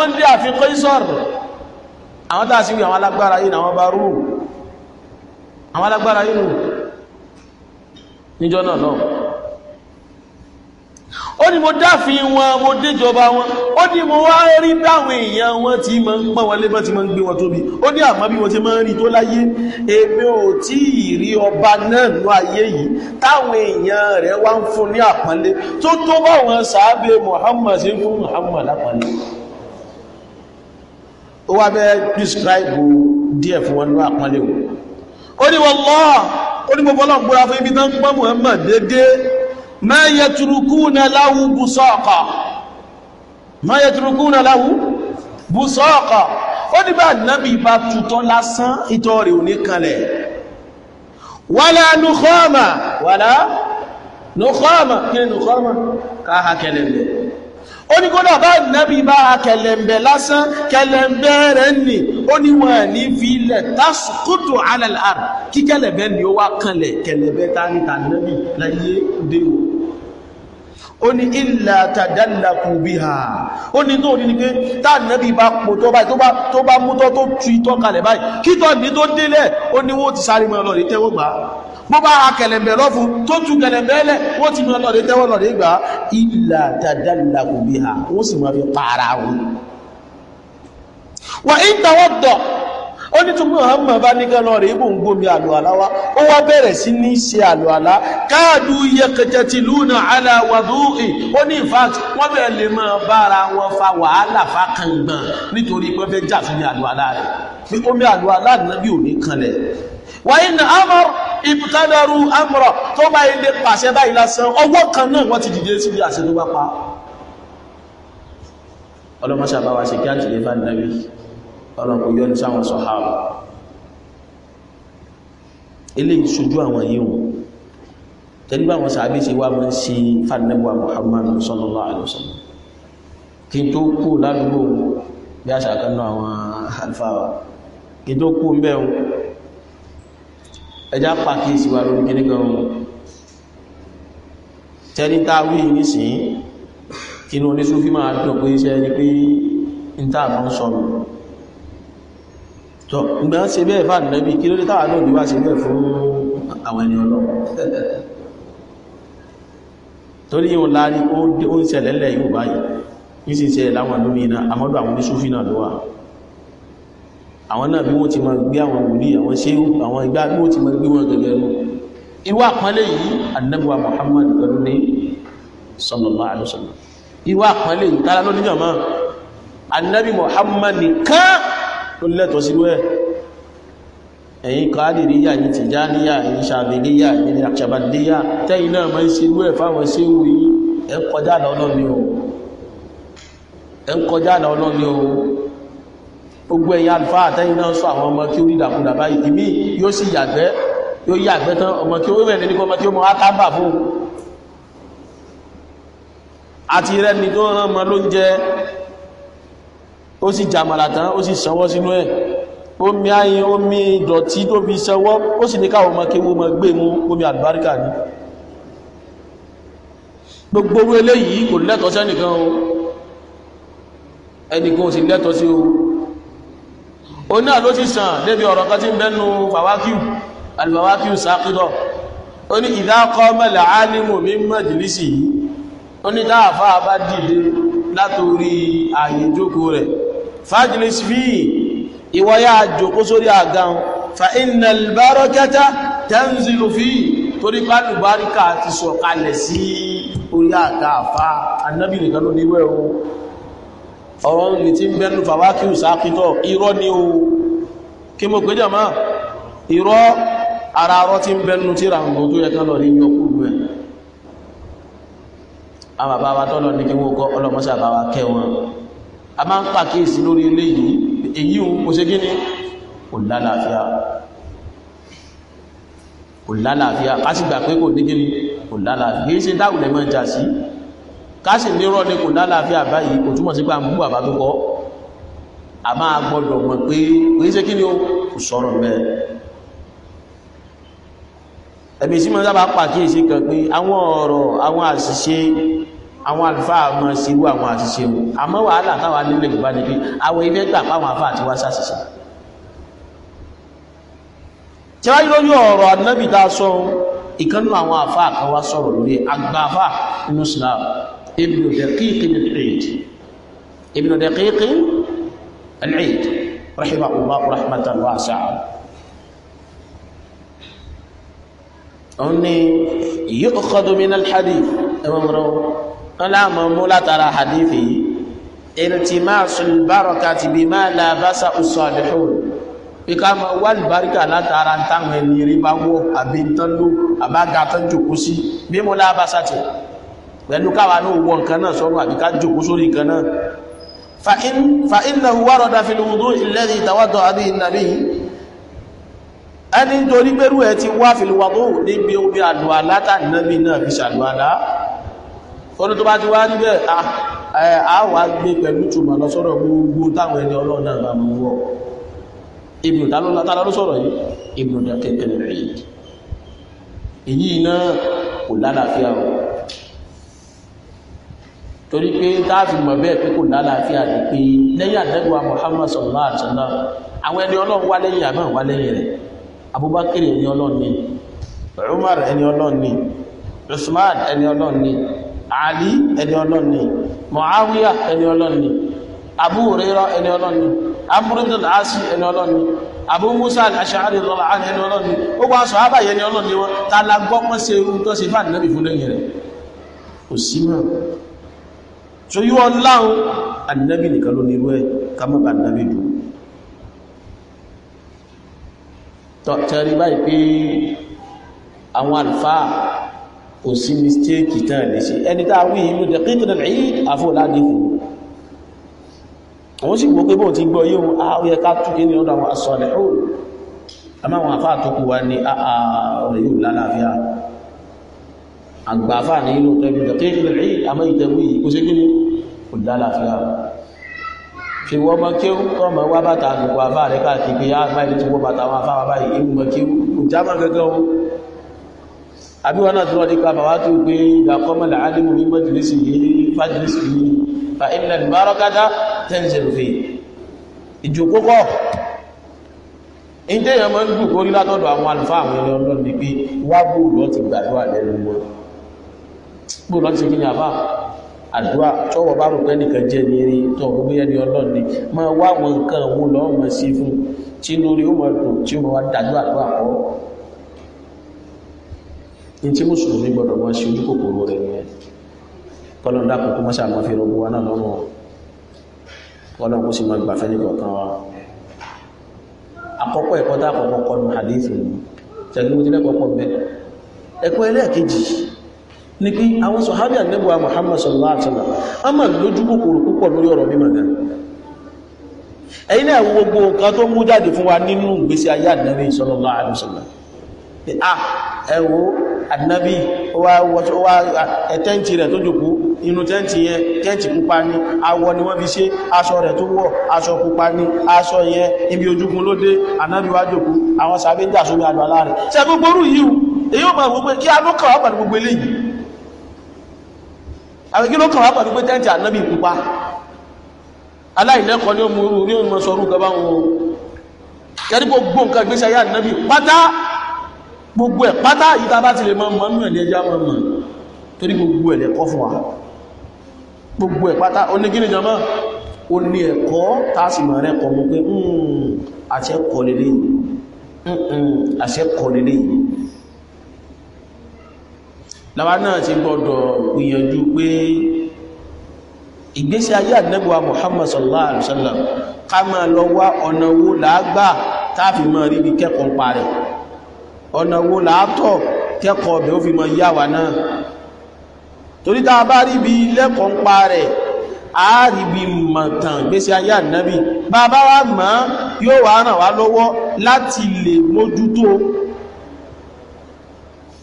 mọ́ ó ní mo dáfin wọn mo déjọba wọn ó ní mo wá rí dáwọn èèyàn wọn tí ma ń pọ́n wọn lé ti ma ń gbé wọn tóbi ó ní àmọ́ bí wọ́n ti ma ń rí tó láyé èmi ò tí ì rí ọba náà nú ayé yìí táwọn èèyàn rẹ̀ wá ń fún ní àpọ́nlé tó tó bá wọn sàábẹ̀ Muhammad sí fún Muhammad àpọ́nlé ó wá bẹ́ẹ̀ prescribe díẹ̀ fún wọn ní àpọ́nlé wọn ó ní wallahi ó ní mo fọlọ́ gbọ́ra fún ibi tán pọ́n Muhammad déédéé ma yatrukuna lahu busaqa ma yatrukuna lahu busaqa ó dìbà náàbì bá tutọ́ lásán ìtọ́ rẹ̀ ò ní kanlẹ̀ wala nukhama wala nukhama kí ni nukhama ká ha kẹlẹ̀ lẹ̀ ó ní kódà bá náàbì bá ha kẹlẹ̀mbẹ̀ lásán kẹlẹ̀mbẹ̀ rẹ̀ nì ó ní wọ́n ní fi tásùkútù alẹ́lẹ́ kí kẹlẹ̀bẹ̀ ni ó wá kanlẹ̀ kẹlẹ̀bẹ̀ tá ní tà náàbì láyé déwò ó ní ìlà tàdálàkù bí ha ó ní tó rí ní pé tààdínàbí bá pò tó báyìí tó bá mútọ́ tó tu ìtọ́ kalẹ̀ báyìí kí tọ́ ní tó délẹ̀ ó ní wó ti sáré mọ́ ọlọ́rẹ̀ tẹ́wọ́ gbà bó bá ra kẹlẹ̀mbẹ̀ lọ́fún tó tu kẹlẹ̀mbẹ̀ lẹ̀ wó ti mọ́ ọlọ́rẹ̀ tẹ́wọ́ lọ́rẹ̀ gbà ìlà tàdálàkù bí ha wọ́n sì mọ́ fi pààrà wọn wà ń tọwọ́ dọ̀ ó ní tún Muhammad bá ní kẹ́lọ́ rẹ̀ ibò ń gbómi àlùwàlá wa ó wá bẹ̀rẹ̀ sí ní ṣe àlùwàlá káàdù yaqtatiluna ala wudu'i ó ní in fact wọ́n bẹ̀rẹ̀ lè máa bára wọn fa wàhálà fa kàngbọ̀n nítorí pé fẹ́ jà fún mi àlùwàlá rẹ̀ bí omi àlùwàlá nàbí ò ní kanlẹ̀ wàyí ní amọ̀ ìbùtádàrú amọ̀rọ̀ tó bá ilé pàṣẹ báyìí lásán ọwọ́ kan náà wọ́n ti dìde síbi àṣẹ tó bá pa ṣe kí á jìlé bá nàbí ọlọ́pọ̀ yọ́ ní sáwọn sọ̀háàbù eléyìí sojú àwọn yìí wọn tẹ́lú bá wọn sàábé ṣe wá mọ́ sí fàdínẹ́bùwà Muhammad sallallahu alaihi wasallam kí n tó kú ládùúgbò bí àṣà kan náà àwọn alfáwà kí n tó kú mbẹ́ wọn ẹjá pàkíyèsí wa lórí kíní gan wọn tẹ́lí tá a kí ni oníṣúfí máa dùn pé iṣẹ́ ni pé ń tà mọ́ sọ̀rọ̀ tó ìgbà ń ṣe bẹ́ẹ̀ fáàdì lẹ́bí kí ló dé táwà náà bí wá ṣe bẹ́ẹ̀ fún àwọn ẹni ọlọ́run torí yíò láàrí ó ń ṣẹlẹ̀ lẹ́ yóò báyìí ní sì ṣẹlẹ̀ láwọn lómi iná àmọ́dọ̀ àwọn oníṣúfì náà ló wà àwọn náà bí wọ́n ti máa gbé àwọn wòlí àwọn ṣé àwọn ìgbà bí wọ́n ti máa gbé wọn gẹ̀gẹ̀ lọ ìwà àpọ́nlé yìí annabuwa Muhammad pẹ̀lú ní sallallahu alaihi ìwà àpọ́nlé yìí tára lónìí jọmọ́ annabi Muhammad nìkan ló lẹ́tọ̀ sí rẹ̀ ẹ̀yin kádìríyà yìí tìjáníyà yìí ṣàbílíyà yìí àṣàbàdíyà tẹ́yìn náà máa ń ṣe rú ẹ̀ fáwọn ṣe wù yí ẹ ń kọjá àlà Ọlọ́run ni o ẹ ń kọjá àlà Ọlọ́run ni o gbogbo ẹ̀yin àlùfáà tẹ́yìn náà sọ àwọn ọmọ kí ó rí ìdàkudà báyìí yóò sì yàgbẹ́ yóò yàgbẹ́ tán ọmọ kí ó rẹ̀ nínú ọmọ kí ó mọ átábà fún àti rẹ́ni tó rán ọmọ lóúnjẹ ó sì jàmàlà tán ó sì sanwọ́ sínú ẹ̀ omi ayin omi ìdọ̀tí tó fi sanwọ́ ó sì ní káwọn ọmọ kéwọ́ ọmọ gbé mú omi àlùbáríkà ni gbogbo orú eléyìí kò lẹ́tọ̀ọ́ sẹ́nìkan o ẹnìkan ò sì lẹ́tọ̀ọ́ sí o ó náà ló sì sàn débi ọ̀rọ̀ kan tí ń bẹ́nu fàwákíù alìfàwákíù sáàkídọ̀ ó ní ìdákọ́ mẹ́lẹ̀ álìmù mi mẹ́jìlísì yìí ó ní dáàfáà bá dìde látorí àyè jókòó rẹ̀ fajlis fi ìwọ yáa jòkó sórí àgáhùn fa inna al-barakata tanzilu fi torí pálùbáríkà ti sọ̀kalẹ̀ sí orí àga àfá annabi nìkan ló níwẹ̀ o ọ̀rọ̀ ní tí ń bẹ́nu fàwákíù sáàkítọ̀ irọ́ ni o kí mo pé jàmá irọ́ ara arọ́ tí ń bẹ́nu tí ràǹgbò tó yẹ kán ní yọkúrú ẹ̀ àwọn bàbá wa tọ́lọ ní kí wọ́n kọ́ ọlọ́mọ́sà bàbá kẹ́ a máa ń pàkíyèsí lórí eléyìí èyí òun kò ṣe gíní kò lálàáfíà kò lálàáfíà ká sì gbà pé kò ní gíní kò lálàáfíà kìí ṣe dáwùlẹ̀ mọ́ ìjà sí ká sì nírọ́ ní kò lálàáfíà báyìí kò túmọ̀ sí pé à ń bú bàbá tó kọ́ a máa gbọ́dọ̀ mọ̀ pé kò ṣe gíní o kò sọ̀rọ̀ bẹ́ẹ̀ ẹ̀mí sí mọ́ sábà pàkíyèsí kan pé àwọn ọ̀rọ̀ àwọn àṣìṣe àwọn àlùfáà máa ṣe irú àwọn àṣìṣe wọn àmọ́ wàhálà táwa nílẹ̀ Yorùbá ni pé àwọn ilé gbà fáwọn àfáà ti wá ṣàṣìṣe tí wáyé lórí ọ̀rọ̀ ànábì tá a sọ ìkànnù àwọn àfáà kan wá sọ̀rọ̀ lórí agbáfà nínú Islam Ibn Daqiq al-Eid Ibn Daqiq al-Eid rahimahullah rahmatan wasi'a òun ni yu'khadhu min al-hadith ẹ̀wọ̀n mọ́ra láàmọ́ mú látara hadith yìí iltimasul barakati bima la basa usalihun bí ká máa wá àlùbáríkà látara táwọn ẹni rí bá wọ àbí tán ló àbága tán jòkó sí bí mo lábàṣà tẹ pẹ̀lú káwa náà wọ náà sọ́rọ̀ ورد في الوضوء الذي توضأ به النبي ẹni torí pẹ́rú ẹ ti wá fil wudu níbi omi oní tó bá ti wá níbẹ̀ a wà gbé pẹ̀lú ìtumọ̀ lọ sọ́rọ̀ gbogbo táwọn ẹni ọlọ́run náà bá mú wọ́ ibùdó tálọ́ ló yìí ibùdó dákẹ́kẹ́ rẹ̀ èyí náà kò lálàáfíà o torí pé táàfin mọ̀ bẹ́ẹ̀ pé kò lálàáfíà ni pé lẹ́yìn àdẹ́gbà Muhammad sallallahu alaihi wasallam àwọn ẹni ọlọ́run wá lẹ́yìn Abubakar ẹni ọlọ́run ni Umar ẹni Usman ẹni ọlọ́run Ali ẹni ọlọ́run ni Muawiya ẹni ọlọ́run ni Abu Hurairah ẹni ọlọ́run ni Amr ibn al-As ẹni ọlọ́run ni Abu Musa al-Ash'ari radiyallahu anhu ẹni ọlọ́run ni ó gbọ́ aṣọ àbáyé ẹni ọlọ́run ni wọ́n ta la gbọ́ pọ́n ṣe irú tó ṣe fáàdì náà fún lẹ́yìn rẹ̀ kò sí mọ́ so yíwọ́ láhùn ànábì nìkan ló ní irú ẹ̀ ká mọ́ bá ànábì dùn tọ́ báyìí pé àwọn àlùfáà kò sí mistake tán lè ṣe ẹni tá a wí ìlú dẹ̀kíkì náà rí àfọ̀ládìkù àwọn sì gbọ́ pé bóun ti gbọ́ yóò á ah, ó yẹ ká tún kí ní ọ̀dọ̀ àwọn asọ̀lẹ̀ ó àmọ́ àwọn àfáà tó kù wá ní ààrẹ ah, ah, yóò lálàáfíà àgbà àfáà ní ìlú ìlú dẹ̀kíkì náà rí àmọ́ ìtẹ̀wé yìí kó àbí wọn náà tó rọ́ nípa bàbá tó gbé ìdàkọ́mọ̀lá alimu ní mọ́jìlísì yìí fájìlísì yìí fa inna al-barakata tanzilu fi ìjòkókọ́ ìdí èèyàn máa ń dùn kórí látọ̀dọ̀ àwọn àlùfáà àwọn ẹni ọlọ́run ni pé wá bóòlọ́ ti gbàdúrà lẹ́nu wọn bóòlọ́ ti kí ni àbá àdúrà tọ́wọ́ bá rò pé nìkan jẹ́ ní eré tọ́ ní mùsùlùmí gbọdọ̀ mọ́ ṣe ojú rẹ̀ nìyẹn kọ́lọ̀ dákùn kó mọ́ṣà mọ́ fi rọ́gbọ́ wa náà lọ́rùn kọ́lọ̀ kó sì mọ́ ìgbàfẹ́ nìkọ̀ọ̀kan wa àkọ́kọ́ ẹ̀kọ́ tá àkọ́kọ́ àdéhùn ni mo ti lẹ́kọ̀ọ́ pọ̀ bẹ́ẹ̀ ẹ̀kọ́ ẹlẹ́ẹ̀kejì ni pé àwọn sọ̀hábì àgbẹ̀bọ̀ Muhammad sallallahu alaihi a pé à ah, ẹ̀wò àdínábì ó wá ẹ̀tẹ́ǹtì rẹ̀ tó jòkó inú tẹ́ǹtì yẹn tẹ́ǹtì pupa ní awọ ni wọ́n fi ṣe aṣọ rẹ̀ tó wọ̀ aṣọ pupa ní aṣọ yẹn ibi ojúkun ló dé ànábì wá jòkó àwọn sàbẹ́ jà sómi àdọ́lá rẹ̀ ṣe gbogbo orú yìí èyí ò máa wò pé kí a ló kàn wá pẹ̀lú gbogbo eléyìí gbogbo ẹ̀ pátá ìta bá ti lè mọ́ mọ́ nínú ẹ̀lẹ́já mọ́ mọ́ torí gbogbo ẹ̀lẹ́ kọ́ fún wa gbogbo ẹ̀ pátá o ní gíní jọmọ́ o ní ẹ̀kọ́ tásìmọ̀ rẹ̀ hmm, kọ mọ́ hmm, pé àṣẹ́kọ̀ lélẹ́ àṣẹ́kọ̀ Muhammad sallallahu alaihi wasallam ká máa lọ wá ọ̀nà ọ̀nà wo làátọ̀ kẹ́kọ̀ọ́ ọ̀bẹ̀ ó fi mọ yá wa náà torí tá a bá rí ibi lẹ́kọ̀ọ́ ń pa rẹ̀ a rí ibi mọ̀tàn gbésí ayé ànábì bàbá wa mọ̀ yóò wá ràn wá lọ́wọ́ láti lè mójútó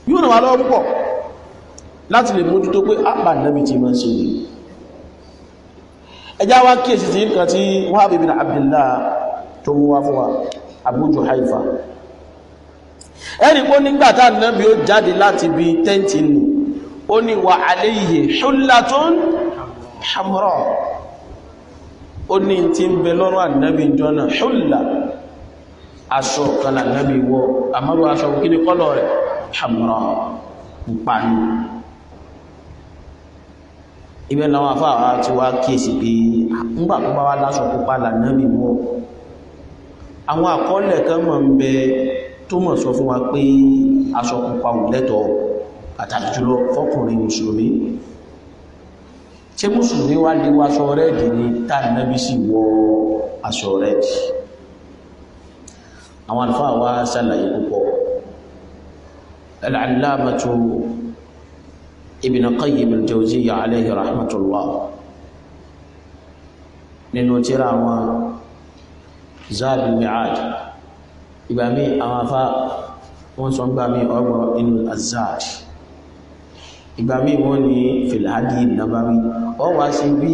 yóò ràn wá lọ́wọ́ púpọ̀ láti lè mójútó pé àpà ah, ànábì ti máa ṣe ẹjá wá kíyèsí tí nǹkan tí Wahab ibn Abdullah tó mú wá fún wa Abu Juhayfa ẹ̀rí pé nígbà tá nàbí ó jáde láti bí tẹ́ǹtì nù ó ní wà alayhi hullatun hamra ó ní tí ń bẹ lọ́rọ̀ ànábì jọ́nà hulla aṣọ kan ànábì wọ àmọ́rọ̀ aṣọ kí ni kọ́lọ̀ rẹ̀ hamra pupa ni ibẹ̀ làwọn afáwà ti wá kíyèsí pé ńgbà tó bá wá láṣọ pupa lànábì wọ àwọn àkọọ́lẹ̀ kan mọ̀ ń bẹ tó mọ̀ sọ fún wa pé aṣọ pupa ò lẹ́tọ̀ọ́ pàtàkì jùlọ fọ́kùnrin mùsùlùmí ṣé mùsùlùmí wá lè wọ aṣọ rẹ́ẹ̀dì ni tàbí sì wọ aṣọ rẹ́ẹ̀dì àwọn àlùfáà wa ṣàlàyé púpọ̀ al-allamatu ibn qayyim ìgbà mí àwọn afá wọ́n sọ gbà mí ọgbọ̀ inú azad ìgbà mí wọ́n ní filhadi nabawi wọ́n wá sí bí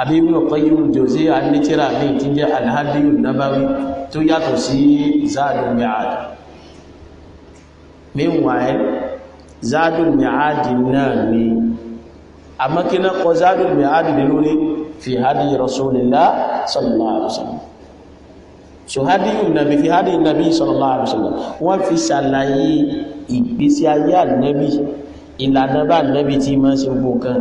abíbùnà kọ́yìn jose anitira ní tí jẹ́ alhadi nabawi tó yàtọ̀ sí zaadu mi'ad meanwhile zaadu mi'ad náà ni amakina kọ zaadu mi'ad sallallahu alaihi wasallam sohadiyu nabi fi hadi nabi sallallahu alaihi wasallam wọ́n fi ṣàlàyé ìgbésí ayé ànábì ìlànà bá ànábì tí máa ṣe gbogbo nǹkan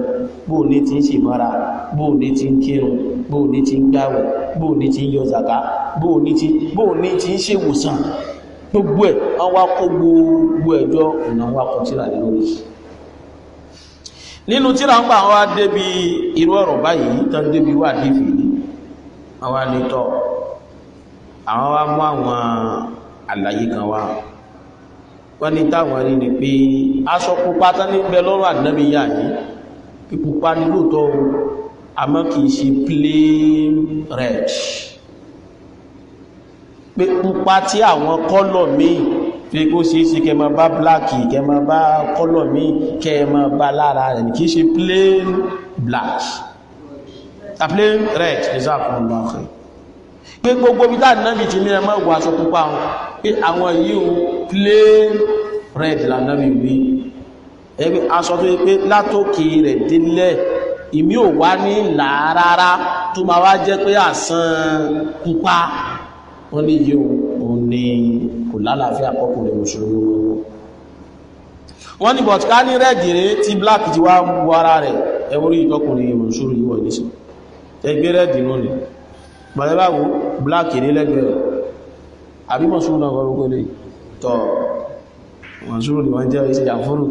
bóò ní ti ń ṣèmọ́ra bóò ní ti ń kírun bóò ní ti ń gbàwẹ̀ bóò ní ti ń yọ zàká bóò ní ti bóò ní ti ń ṣèwòsàn gbogbo ẹ̀ wọ́n wá kó gbogbo ẹjọ́ ìnà wá kọ tíra lórí nínú tíra ń bá wọn débi irú ọ̀rọ̀ báyìí tán débi wà dìfì àwọn àlejò àwọn wá mú àwọn àlàyé kan wá wọ́n ní táwọn rí ni pé aṣọ pupa tán ní bẹ lọ́rọ̀ ànábì yà yìí pípupa ní lóòótọ́ àmọ́ kì ṣe plain red pé pupa tí àwọn kọ́lọ̀ míì fi kó ṣe é ṣe kẹ máa bá bláàkì kẹ máa bá kọ́lọ̀ míì kẹ máa bá lára rẹ̀ kì í ṣe plain black a plain red ìsáàkùn ọlọ́ọ̀kẹ́ pé gbogbo bí tá nàbì ti ní ẹmọ ìwà aṣọ pupa wọn pé àwọn yìí ń plain red lànàbì wí ẹgbẹ́ aṣọ tó yẹ pé látòkè rẹ̀ délẹ̀ ìmí ò wá ní ìlà tó máa wá jẹ́ pé àsán pupa wọ́n ní yìí òun ni kò lálàáfíà kọkùnrin mùsùlùmí wọn wọ́n ní ká ní rẹ́ẹ̀dì rẹ̀ tí black ti wá ń ara rẹ̀ ẹwọ́n rí ìtọkùnrin mùsùlùmí wọ̀ nísìn ẹgbẹ́ rẹ́ẹ̀dì náà bàrẹ́bàwò black ní lẹ́gbẹ̀ẹ́ àbí mọ̀súrù náà kọrùkú lè tọ́ mọ̀súrù ni wọ́n jẹ́ ìṣẹ́ yàfúrù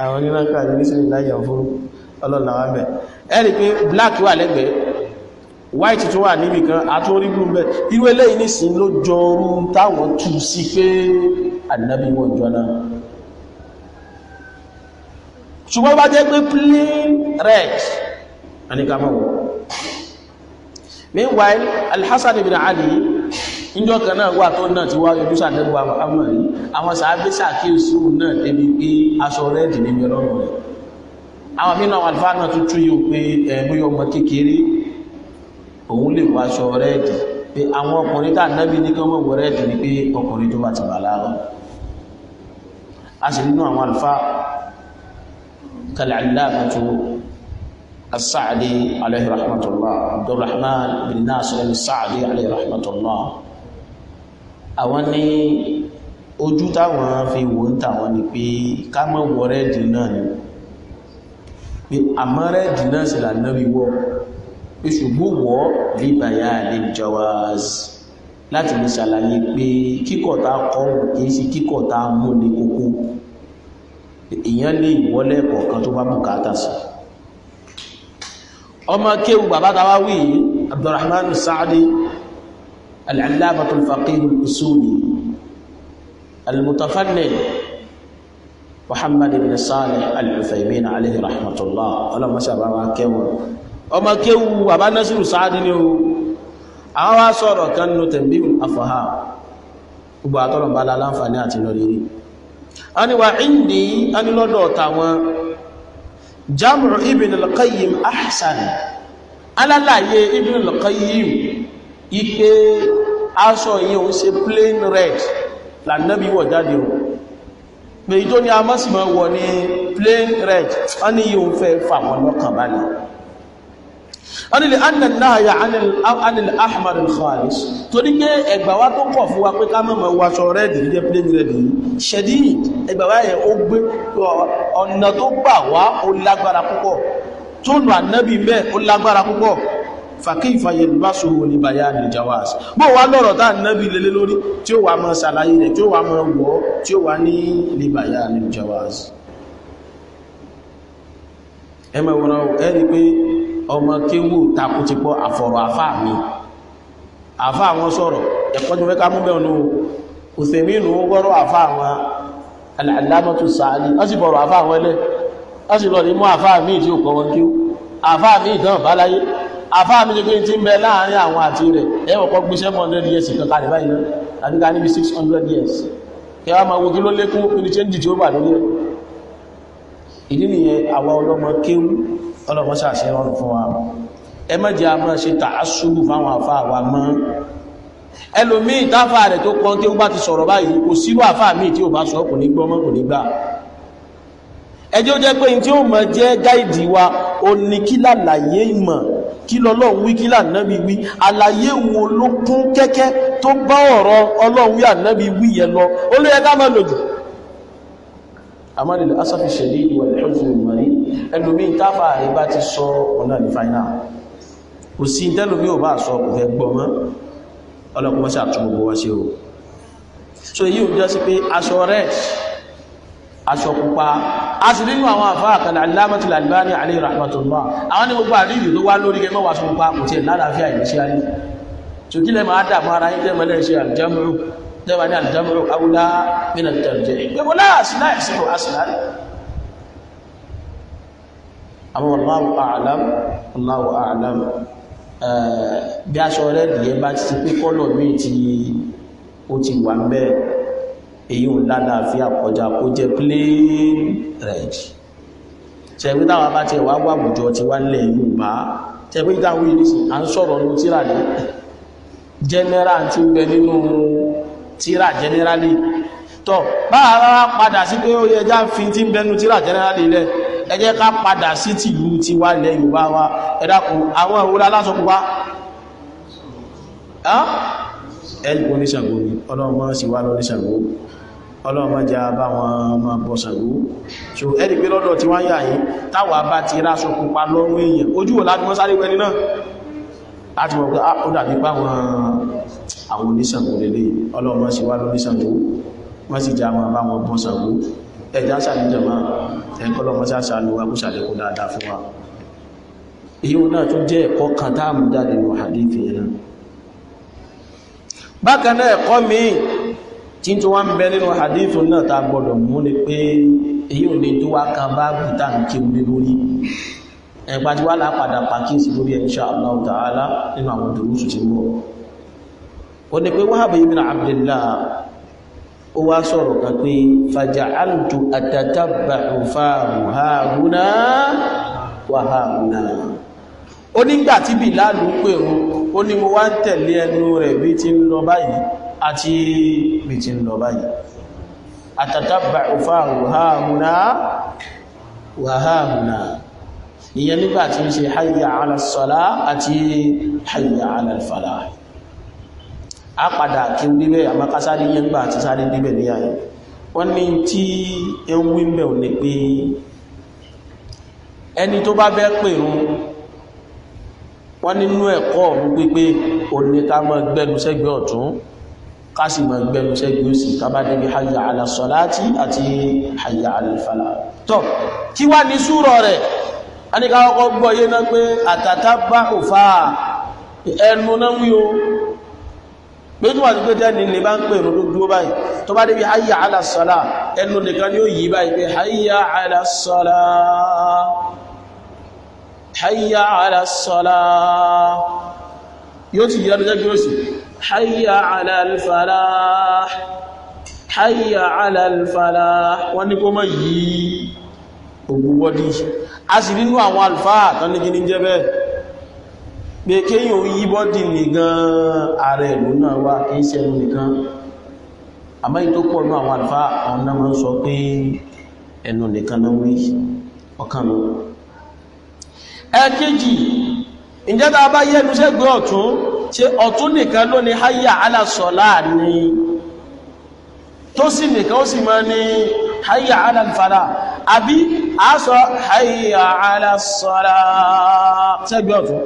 àwọn onínáka ní nísìlẹ̀ láì yàfúrù ọlọ́làwàmẹ́ ẹ̀rì pé black wà lẹ́gbẹ̀ẹ́ white tó wà níbi kan àtún orí blue bẹ́ irú eléyìí nísìn ló jọrú táwọn tù sí pé ànábì wọn jọ náà ṣùgbọ́n bá jẹ́ pé plain red àníkàmọ́wọ́ meanwhile alhassan ibn ali níjọ́ kan náà wà tó náà ti wá yọjú sàdẹ́gbà muhammad àwọn sàábé sàkíyèsí òun náà débi pé aṣọ rẹ́ẹ̀dì níbi ọlọ́run rẹ̀ àwọn mínú àwọn alfáà náà tún tún yóò pé ẹ̀múyọ ọmọ kékeré òun lè wá aṣọ rẹ́ẹ̀dì pé àwọn ọkùnrin tá nábì ní kí wọ́n wọ rẹ́ẹ̀dì ni pé ọkùnrin tó bá ti bàlágà a sì nínú àwọn alfáà kàlẹ́ àdìlá àgbàtúwò السعدي عليه رحمة الله عبد الرحمن بن ناصر السعدي عليه رحمة الله àwọn ní ojú táwọn fi wò ń tàwọn ni pé ká mọ́ wọ rẹ́ẹ̀dì náà ni pé àmọ́ rẹ́ẹ̀dì náà sì là náà wíwọ́ pé ṣùgbọ́n wọ́ líbàyà lè jawaz láti lè ṣàlàyé pé kíkọ̀ tá kọ́ kìí sí kíkọ̀ tá mú ní kókó èèyàn lè wọlé kọ̀ọ̀kan tó bá bùkátà sí i ọmọ kéwù bàbá tàwa wí abdulrahman saadi al-allamatul faqih al-usuli al-mutafannin muhammad ibn salih al-uthaymin alayhi rahmatullah ọlọ́mọ sábà wa kéwù ọmọ kéwù bàbá nasiru saadi ni o àwọn wa sọ̀rọ̀ kan nù tanbihu afaha gbogbo àtọ́lọ̀ bá la láǹfààní rí a ni wà ń dì a ní lọ́dọ̀ tàwọn jam'u ibn al-qayyim ahsan alálàyé ibn al-qayyim ike aṣọ yìí òun ṣe plain red lànàbí wọ̀ jáde o pé ìjọ ni a mọ́sìmọ̀ wọ̀ ní plain red wọ́n ní yíò fẹ́ fà wọn lọ́kàn balẹ̀ anil anna nahya anil anil ahmar al khalis torí pé ẹgbà wa tó kọ̀ fún wa pé ká mọ̀ mọ̀ wa sọ rẹ́ẹ̀dì jẹ́ plain rẹ́ẹ̀dì ṣẹ̀dí ẹgbà wa yẹn ó gbé ọ̀nà tó gbà wá ó lágbára púpọ̀ tó nù ànábì bẹ́ẹ̀ ó lágbára púpọ̀ fàkífà yẹ̀lúbáṣò ní bayani jawaz bó wá lọ́rọ̀ tá nábi lélé tí ó wà mọ́ sàlàyé rẹ̀ tí ó wà mọ́ wọ́ tí ó wà ní ní bayani jawaz ẹmọ ìwọ̀n ẹ̀rí pé ọmọ kéwù takú ti pọ́ àfọ̀rọ̀ àfá mi àfá àwọn sọ̀rọ̀ ẹ̀kọ́ tó fẹ́ ká mú bẹ́ọ̀nù òsèmínú gbọ́rọ̀ àfá àwọn alámọ́tò sáàlì wọ́n sì bọ̀rọ̀ àfá àwọn ẹlẹ́ wọ́n sì lọ ní mú àfá mi tí ó kọ́ wọn kéwù àfá mi ìtàn báláyé àfá mi ti pé ti ń bẹ láàárín àwọn àti rẹ̀ ẹ̀wọ̀n kọ́ gbé 700 years kankan báyìí náà àbíká níbi 600 years kẹwàá máa wo kí ló lékún kí ni change tí ó wà lórí ẹ̀ ìdí nìyẹn àwa ọlọ́mọ kéwú ọlọ́mọ sàṣẹ rọrùn fún wa ẹ má jẹ́ a máa ṣe tàásùbù fáwọn àfa àwa mọ́ ẹlòmíì táfà rẹ̀ tó kọ́ kéwú bá ti sọ̀rọ̀ báyìí kò sílò àfa míì tí ò bá sọ kò ní gbọ́ kò ní gbà àmọ́lẹ̀lẹ̀ asáfi ṣẹ̀lẹ̀ ìwà ìṣòro ìmọ̀rí ẹlòmí táfà ìbá ti sọ ọ̀nà ní final kò sí tẹ́lòmí ò bá sọ kò fẹ́ gbọ́ mọ́ ọlọ́pọ̀ ṣe àtúnbò wá ṣe o so yíò jọ sí pé aṣọ rẹ̀ aṣọ pupa a sì nínú àwọn àfáà kan alámọ̀tìlá Albani alayhi rahmatullah àwọn ní gbogbo àríyù tó wá lórí gẹ́gẹ́ wà sọ pupa kò tiẹ̀ lálàáfíà ìlú ṣe ayé tòkílẹ̀ máa dà mọ́ ara yín tẹ́mọ́lẹ́ ṣe àjámọ́rù jọba ní àdámọ́rò awúlá mínà tẹ̀lẹ̀jẹ́ ìgbẹ́gbọ́ láàṣì láìsí ò asìláàrí àwọn Allahu a'lam Allahu a'lam bí aṣọ rẹ̀ dìé bá ti pé kọ́lọ̀ míì tí ó ti wà ń bẹ́ẹ̀ èyí ò lálàáfíà kọjá kó jẹ́ plain red ṣẹ̀gbẹ́ táwọn bá ti wá wàwùjọ ti wá lẹ̀ Yorùbá ṣẹ̀gbẹ́ táwọn yìí ní à ń sọ̀rọ̀ ní tíra ní general ti ń bẹ nínú tíra generally tọ́ báwa bá padà sí pé ó yẹ já fi tí ń bẹnu tíra generally lẹ̀ ẹ jẹ́ ká padà sí tìlú ti wá ilẹ̀ Yorùbá wa ẹ dákun àwọn ìwúrà lásán pupa ẹni kò ní Ṣàngó ni ọlọ́mọ sì wá lọ ní Ṣàngó ọlọ́mọ jẹ́ bá wọn máa bọ́ Ṣàngó so ẹni pé lọ́dọ̀ tí wọ́n yà yìí táwà bá ti ráṣọ pupa lọ́rùn èèyàn ojú wò láti wọ́n sáré wẹni náà láti wọ́n pé ó dàbí bá wọn àwọn oníṣàngó lélẹ̀ ọlọ́mọ sí wá lóníṣàngó wọ́n sì já máa bá wọn bọ́ ṣàngó ẹ̀dá sàníjọba ẹ̀kọ́ lọ́mọ sáṣà ló wá kó ṣàlékún dáadáa fún wa èyí náà tún jẹ́ ẹ̀kọ́ kan táàmù jáde lọ hadith yẹn náà bákan náà ẹ̀kọ́ míì tí tó wá ń bẹ nínú hadith náà ta gbọ́dọ̀ pàkíyèsí lórí insha Allah ta'ala nínú àwọn dòrúsù tí ó ní pé Wahab ibn Abdillah ó wá sọ̀rọ̀ kan pé faja'altu atatabba'u fáàmù hahuna wa hahuna ó nígbà tí Bìláàlù pèrún ó ní mo wá ń tẹ̀lé ẹnu rẹ̀ bí ti ń lọ báyìí ìyẹn nígbà tí ń ṣe hayya ala àti hayya ala a padà kí ń débẹ̀ àmọ́ ká sáré yẹn gbà àti sáré débẹ̀ ní àyè wọ́n ní tí ẹ ń wí bẹ̀ ò ní pé ẹni tó bá bẹ́ pèrún wọ́n nínú ẹ̀kọ́ ọ̀run pípé òní ká mọ́ gbẹ́nu sẹ́gbẹ́ ọ̀tún ká sì mọ́ gbẹ́nu sẹ́gbẹ́ òsì ká bá débi hayya ala salati àti hayya ala falah tọ́ kí wá ní súrọ̀ rẹ̀ a ní ká méjì wà ní pé tẹ́ni ní bá ń pè rú dúró báyìí tó bá débi hayya ala salah ẹnu nìkan ni ó yí báyìí pé hayya ala salah hayya ala salah yóò ti yára jẹ́ kí hayya ala al-falah hayya wọ́n ní kó mọ́ yí ògbúwọ́dí a sì nínú àwọn alfáà tán ní kí ní jẹ́ bẹ́ẹ̀ pé kéyàn ó yí bọ́dì nìgan ààrẹ ìlú náà wá kí ń ṣẹ́nu nìkan àmáyí tó pọ̀ ní àwọn àlfà àwọn náà máa ń sọ pé ẹnu nìkan náà wí ọkàn lọ ẹ̀kejì ìjẹta bá yẹnu sẹ́gbẹ́ ọ̀tún ṣe ọ̀tún nìkan ló ní háyà alásọ̀lá ni tó sì nìkan ó sì máa ní háyà alálfàdà àbí àásọ háyà alásọ̀lá sẹ́gbẹ́ ọ̀tún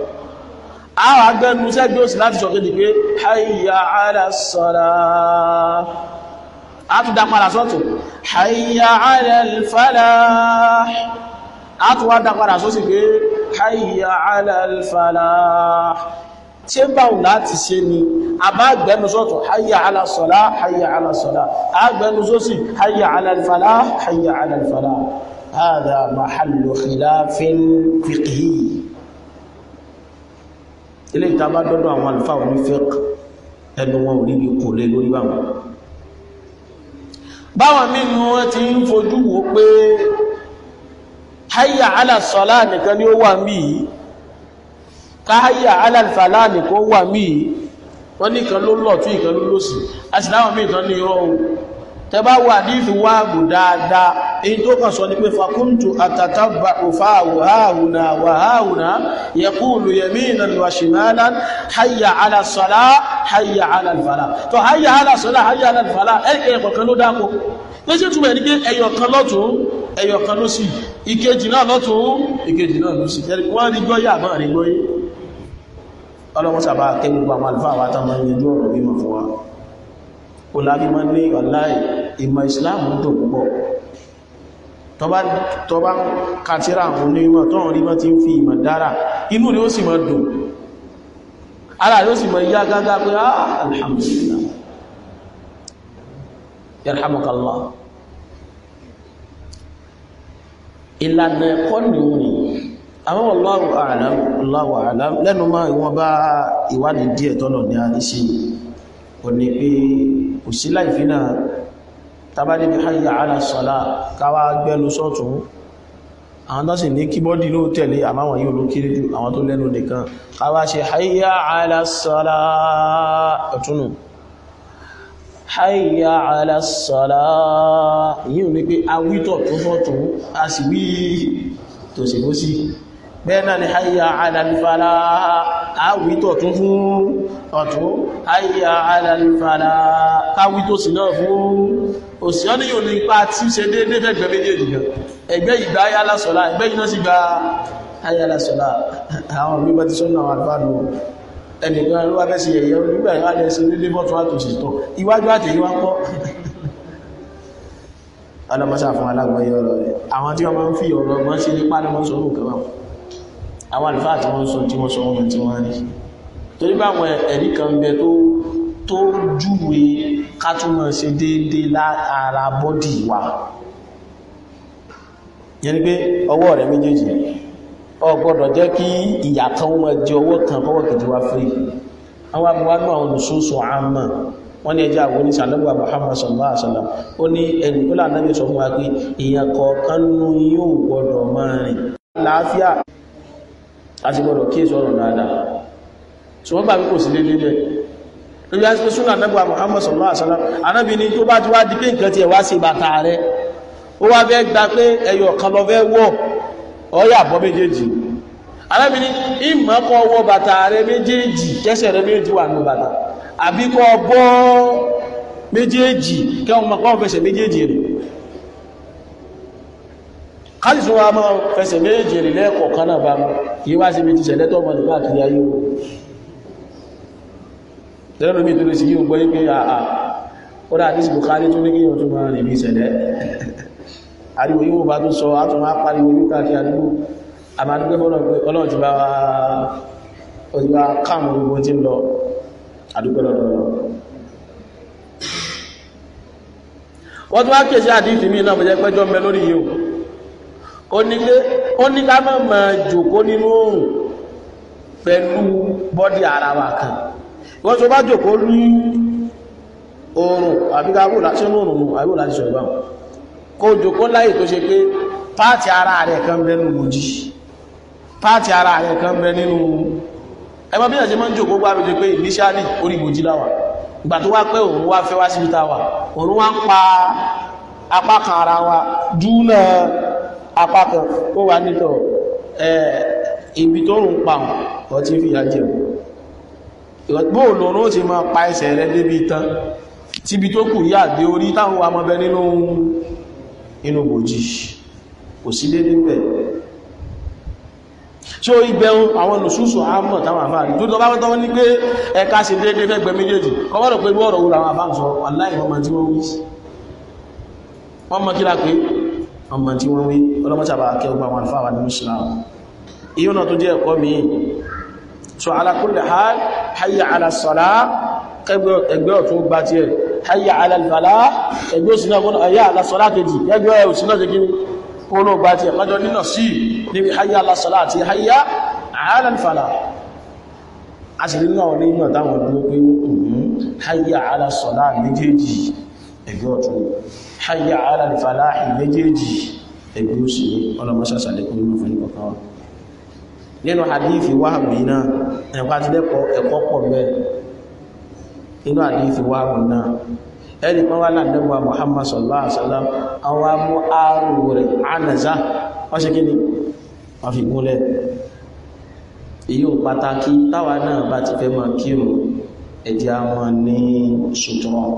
àwọn agbẹ́nu sẹ́gbẹ́ òsì láti sọ kéde pé hayya ala salah àtúndà padà sọ́tún hayya ala falah àtúwádà padà sọ́sì pé hayya ala falah tí ń báwò láti ṣe ni a bá gbẹnu sọ́tọ̀ hayya ala salah hayya ala salah a gbẹnu sọ́sì hayya ala falah hayya ala falah hada mahallu khilafin fiqhi ilé ìta bá dọ́dọ̀ àwọn àlùfáà onífẹ́k ẹnu wọn ò níbi kò lé lórí báwọn báwọn mímu wọn ti ń fojú wò pé hayya ala sọlá nìkan ni ó wà mí ká hayya ala nìkan wà mí wọn nìkan ló lọ ìkan ló lọ tẹ́bá wà ní ìfìwáàgù dáadáa èyí tó kàn sọ ní pé fakuntu àtàtàbà òfààwò háàhùnà wà háàhùnà yẹkúlù yẹmí ìnàlùwà ṣìmáàlá hayya alàsọ́lá hayya alàlfàlá tó hayya alàsọ́lá hayya alàlfàlá ẹ̀kẹ́ ẹ̀kọ̀kan ló dáko pé sí túnbẹ̀ ní pé ẹyọ kan lọ́tún ẹyọ kan ló sì ìkejì náà lọ́tún ìkejì náà ló sì wọ́n rí gbọ́yà àmọ́ rí gbọ́yé ọlọ́wọ́ sábà kẹ́ àwọn àlùfáà wa tá máa ń yẹjú ọ̀rọ̀ mímọ̀ fún wa olágbímọ́ ní ọ̀lá ìmọ̀ Islam tó púpọ̀ tó bá kàtírà àwọn onímọ̀ tó rí mọ́ ti ń fi ìmọ̀ dára inú ni ó sì mọ́ dùn ara yóò sì mọ́ ìyá gágá pé ah, alhamdulillah yarhamukallah ìlànà ẹ̀kọ́ nìyí àwọn Allahu a'lam Allahu a'lam lẹ́nu máa ìwọ̀n bá ìwádìí díẹ̀ tọ́nà ní àríṣẹ́ ò ní kò sí láìfí náà tàbádé bí hayya ala sọ́lá káwà gbẹ́nu sọ́tún àwọn tó sì ní kíbọ́dì ló tẹ̀lé àmáwọn yóò ló kéré jù àwọn tó lẹ́nu nìkan káwà ṣe hayya ala sọ́lá ọ̀túnù hayya ala sọ́lá yíò ní pé a wítọ̀ tó sọ́tún a sì wí tòsìbósí bẹ́ẹ̀ náà ni hayya ala al àwítọ̀ tún fún ọ̀tún ayé alàlùfààlà káwítọ̀ sí náà fún òsì ọ́ níyò nípa tí ṣe déédé fẹ́gbẹ̀ méjèèjì gan ẹgbẹ́ ìgbà ayé alásọ̀lá ẹgbẹ́ iná sí gba ayé alásọ̀lá àwọn òbí bá ti sọ́nà àwọn àgbàdo ẹnìkan ló wá fẹ́sí ẹ̀yẹ nígbà yẹn wá lẹ́ sí nílé bọ́tún àtòsí tọ́ iwájú àtẹ̀yí wá kọ́ ọlọ́mọṣà fún alágbọ̀yẹ àwọn àlùfáà tí wọ́n sọ tí wọ́n sọ wọn tí wọ́n rí torí bá àwọn ẹ̀rí kan bẹ tó júwe ká túmọ̀ ṣe déédé lára bọ́dì wa yẹn pé ọwọ́ rẹ̀ méjèèjì o gbọ́dọ̀ jẹ́ kí ìyà kan máa jẹ ọwọ́ kan kọ́wọ́ kejì wá fún yìí àwọn abúwádùn àwọn olùsọ́sọ́ àmọ́ wọ́n ní ẹjọ́ àwọn oníṣàlọ́gbà Muhammad sallallahu alaihi wasallam ó ní ẹni kó lànà sọ fún wa pé èèyàn kọ̀ọ̀kan yóò gbọ́dọ̀ máa rìn láàáfíà a ti gbọ́dọ̀ kí èso ọ̀rọ̀ dáadáa ṣùgbọ́n gbà kò sí dédé dẹ̀ lórí àti súnà nẹ́gbà Muhammad sallallahu alaihi wasallam anábì ni tó bá ti wá di pé nǹkan ti ẹ̀wá sí bàtà rẹ̀ ó wá fẹ́ gba pé ẹyọ kan lọ fẹ́ wọ̀ ọyà bọ́ méjèèjì anábì ni ìmọ̀ kọ́ wọ bàtà rẹ̀ méjèèjì kẹsẹ̀ rẹ̀ méjèèjì wà nù bàtà àbí kọ́ bọ́ méjèèjì kẹ́wọn mọ̀ pọ́n fẹsẹ̀ méjèèjì rẹ̀ kálìsù wa máa fẹsẹ̀ méjì rí lẹ́ẹ̀kọ̀ kan náà bá mú yí wá sí ibi ti ṣẹlẹ̀ tó mọ̀ nípa kiri ayé o tẹ́lẹ̀ lómi tó lè sí yíò gbọ́ yí pé àà ah, ah. ó dá àdísì Bukhari tó ní kí yóò tó máa rìn ní ìṣẹ̀lẹ̀ ariwo yíò bá tó sọ átùn wá pariwo yíò káàkiri àdúgbò wọ́n tó wá kèsí àdífì mí náà bẹ̀jẹ̀ pẹ́jọ́ mẹ́ lórí yìí onílé oníkámọ́ máa jòkó nínú oòrùn pẹ̀lú bọ́dì ara wa kan wọ́n tó bá jòkó ní oòrùn àbíkáwò láti inú oòrùn àbíkáwò láti sọ ìbáwọn kó jòkó láyé tó ṣe pé páàtì ara rẹ̀ kan bẹ nínú òjì páàtì ara rẹ̀ kan bẹ nínú ẹgbẹ́ bí ẹ̀ṣẹ́ máa ń jòkó gbábi jẹ pé ìníṣàlì orí ìbòjì láwà ìgbà tó wá pé òun wá fẹ́ wá síbi táwà òun wá ń pa apá kan ara wa dúnà apá kan ó wà nítọ̀ ibi tó rùn pa wọn ọ̀ tí fìyà jẹun bóòlù ọ̀rọ̀ ti máa pa ẹsẹ̀ rẹ débi tán tíbi tó kù yà dé orí táwọn wa mọ́bẹ nínú inú bòjì kò sí lé níbẹ̀ tí ó ibẹ̀ àwọn lòṣùṣù àmọ̀ táwọn àfáà rí tó tọ́ bá wọ́n tọ́wọ́ ní pé ẹka sí dédé fẹ́gbẹ̀ méjèèjì kọwọ́rọ̀ pé wọ́rọ̀ wúra àwọn àfáà sọ aláìmọ́mọ́ tí wọ́n wí ọmọ tí wọ́n wí ọlọ́mọ́sàbà akẹ́ ogun àwọn alfáwà ní Islam iyo na tó jẹ́ ẹ̀kọ́ mi so ala kulli hal hayya ala salah ẹgbẹ́ ọ̀tún gba ti ẹ̀ hayya ala al-falah ẹgbẹ́ òsìnà gbọ́nà hayya ala salah kejì ẹgbẹ́ òsìnà jẹ́ kí kónó gba ti ẹ̀ mọ́jọ nínà sí níbi hayya ala salah a sì nínú àwọn onímọ̀ táwọn dúró pé hmm, hayya ala salah méjèèjì ẹgbẹ́ ọ̀tún yi ala al-falahi méjèèjì ẹgbẹ́ òsì ọlọ́mọṣàṣà lẹ́kùn nínú fún ìkọ̀kan wa nínú hadith wáhàbì náà ẹ̀kọ́ àti lẹ́kọ̀ọ́ ẹ̀kọ́ pọ̀ bẹ́ẹ̀ nínú hadith wáhàbì náà ẹni ni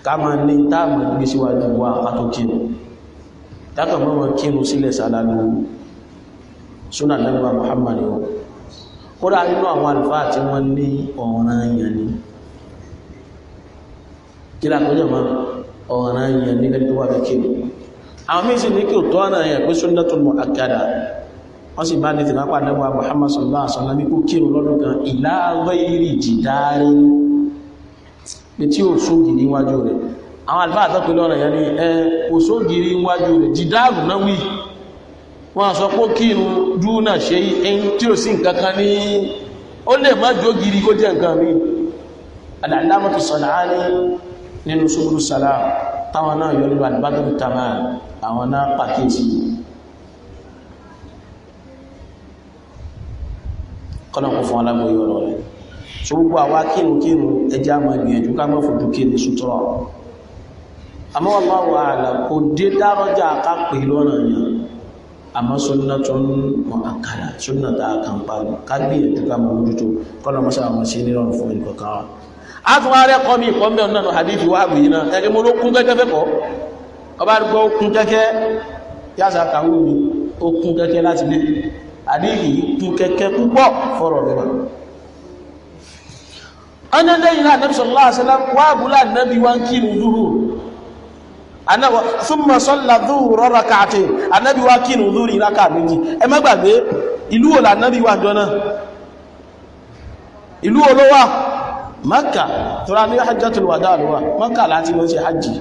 ká máa ní táàmù gbé síwájú wa àtò kírù dákà mọ́mọ́ kírù sílẹ̀ sàlálù súnà lẹ́gbà Muhammadu kódà nínú àwọn àlùfáà tí wọ́n ní ọ̀ràn yẹn ni kí lápẹ́jọ máa ọ̀ràn yẹn ní gẹ́gẹ́ tó wà fẹ́ kírù àwọn méjì ní kí ò tọ́ ọ̀nà yẹn pé sunnatul mu'akkada wọ́n sì lẹ́gbà alaihi wasallam kó kírù lọ́dún kan ila ghairi jidari pé tí ò sóògì níwájú rẹ̀ àwọn àlùfáà àtọ́pẹ́ lọ́rọ̀ yẹn ni ẹ kò sóògì níwájú rẹ̀ jìdáàrù náà wì wọ́n sọ pé kí inú dúnà ṣe ẹni tí ò sí nǹkan kan ní ó lè má jó gírí kó jẹ́ nǹkan mi Al-Allamatu San'ani nínú Subulus Salam táwọn náà yọ nínú Al-Badru àwọn náà pàkéjì kọ́nà kò fún alágbóyọ̀ rẹ̀ so gbogbo àwa kírun kírun ẹja máa gbìyànjú ká má fojú kírun sutura àmọ́ Allahu a'lam kò dé dárọ́jà ká pè lọ́nà yẹn àmọ́ sunna tó ń mọ àkàrà sunna tá a kàn pa ká gbìyànjú ká máa mójútó kọ́nà mọ́sá àwọn ṣe ní ìrọ̀rùn fún ẹnìkan kan wa. a tún wá rẹ kọ́ mi ìkọ́ mbẹ́ nínú hadith wa àbùyí náà ana lẹ́yìn náà nabi sallallahu alaihi wasallam wà búlá nabi wá ń kí ní zuhu thumma salla zuhura rak'atayn anabi wá kí ní zuhuri rákà méjì ẹ má gbàgbé ìlú wo la nabi wà jọ náà ìlú wo ló wà maka tora ní hajjatul wada ló wà maka láti lọ sí hajji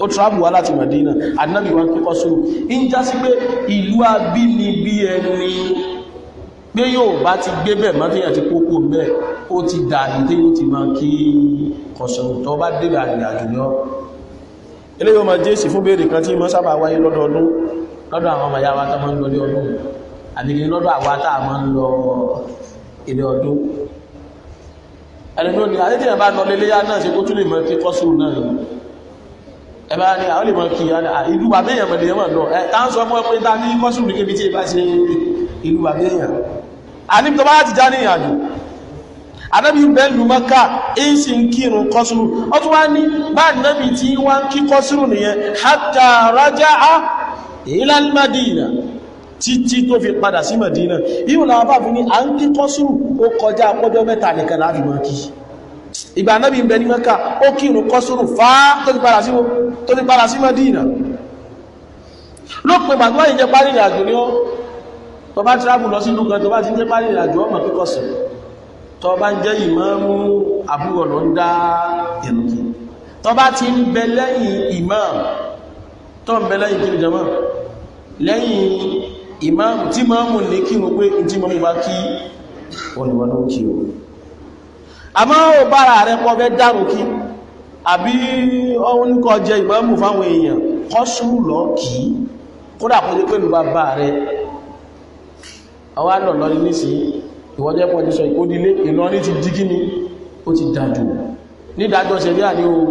ó travel wá láti madina anabi wá kíkọ́ sóhù ń pé ìlú abínibí ẹni pé yóò bá ti gbé bẹ̀ mọ́tíyà ti kókó bẹ́ ó ti dà ìdí ó ti máa kí kọ̀sọ̀rọ̀ tó bá débẹ̀ àrìnàjò lọ ilé yóò máa jésì fún béèrè kan tí mọ́ sábà wáyé lọ́dọọdún lọ́dọ̀ àwọn ọmọ yàwá tó máa ń lọ ilé ni àdéjì ẹ̀ bá lọ lé léyà náà ṣe kó tún lè mọ kí kọ́sùrù náà yìí ẹ bá ní ìlú bàbá èèyàn mọ̀ lè ẹ̀ tá sọ fún ẹ ní kọ́sùrù ní kébi tí ẹ ṣe ìlú bàbá àníbi tó bá láti já ní ìrìnàjò ànábì bẹ́ẹ̀lù mọ́ká èyí sì ń kírun kọ́sùrù ó tún wá ní bá ànábì tí wá ń kí kọ́sùrù nìyẹn hatta raja'a ila al-Madina títí tó fi padà sí Madina yíò làwọn bá fi ní à ń kí kọ́sùrù ó kọjá pọ́jọ́ mẹ́ta nìkan láti mọ́ kí ìgbà ànábì ń ní mọ́ká ó kírun kọ́sùrù fá tó tó bá travel lọ sínú gan tó bá ti dé parí ìrìnàjò ọmọ kíkọ sí tó bá ń jẹ́ ìmáàmù àbúrò ló ń dá ìrùkì tó bá ti ń bẹ lẹ́yìn ìmáàmù tó ń bẹ lẹ́yìn kiri jama lẹ́yìn ìmáàmù tí máàmù ní kí mo pé tí mo bá kí olùwọ́n ló kí o àmọ́ ò bára rẹ pọ̀ fẹ́ dárò kí àbí ọun ní kọjẹ ìmáàmù fáwọn èèyàn kọ́ sùúrù lọ kìí kódà kọjẹ́ àwọn àlọ́lọ́rin nísìnyí ìwọ́jẹ́ pọ̀ ti sọ ìkódílé ìlọrin ti jí kíni ó ti dájú nídájọ́ ṣe ríà ní ohun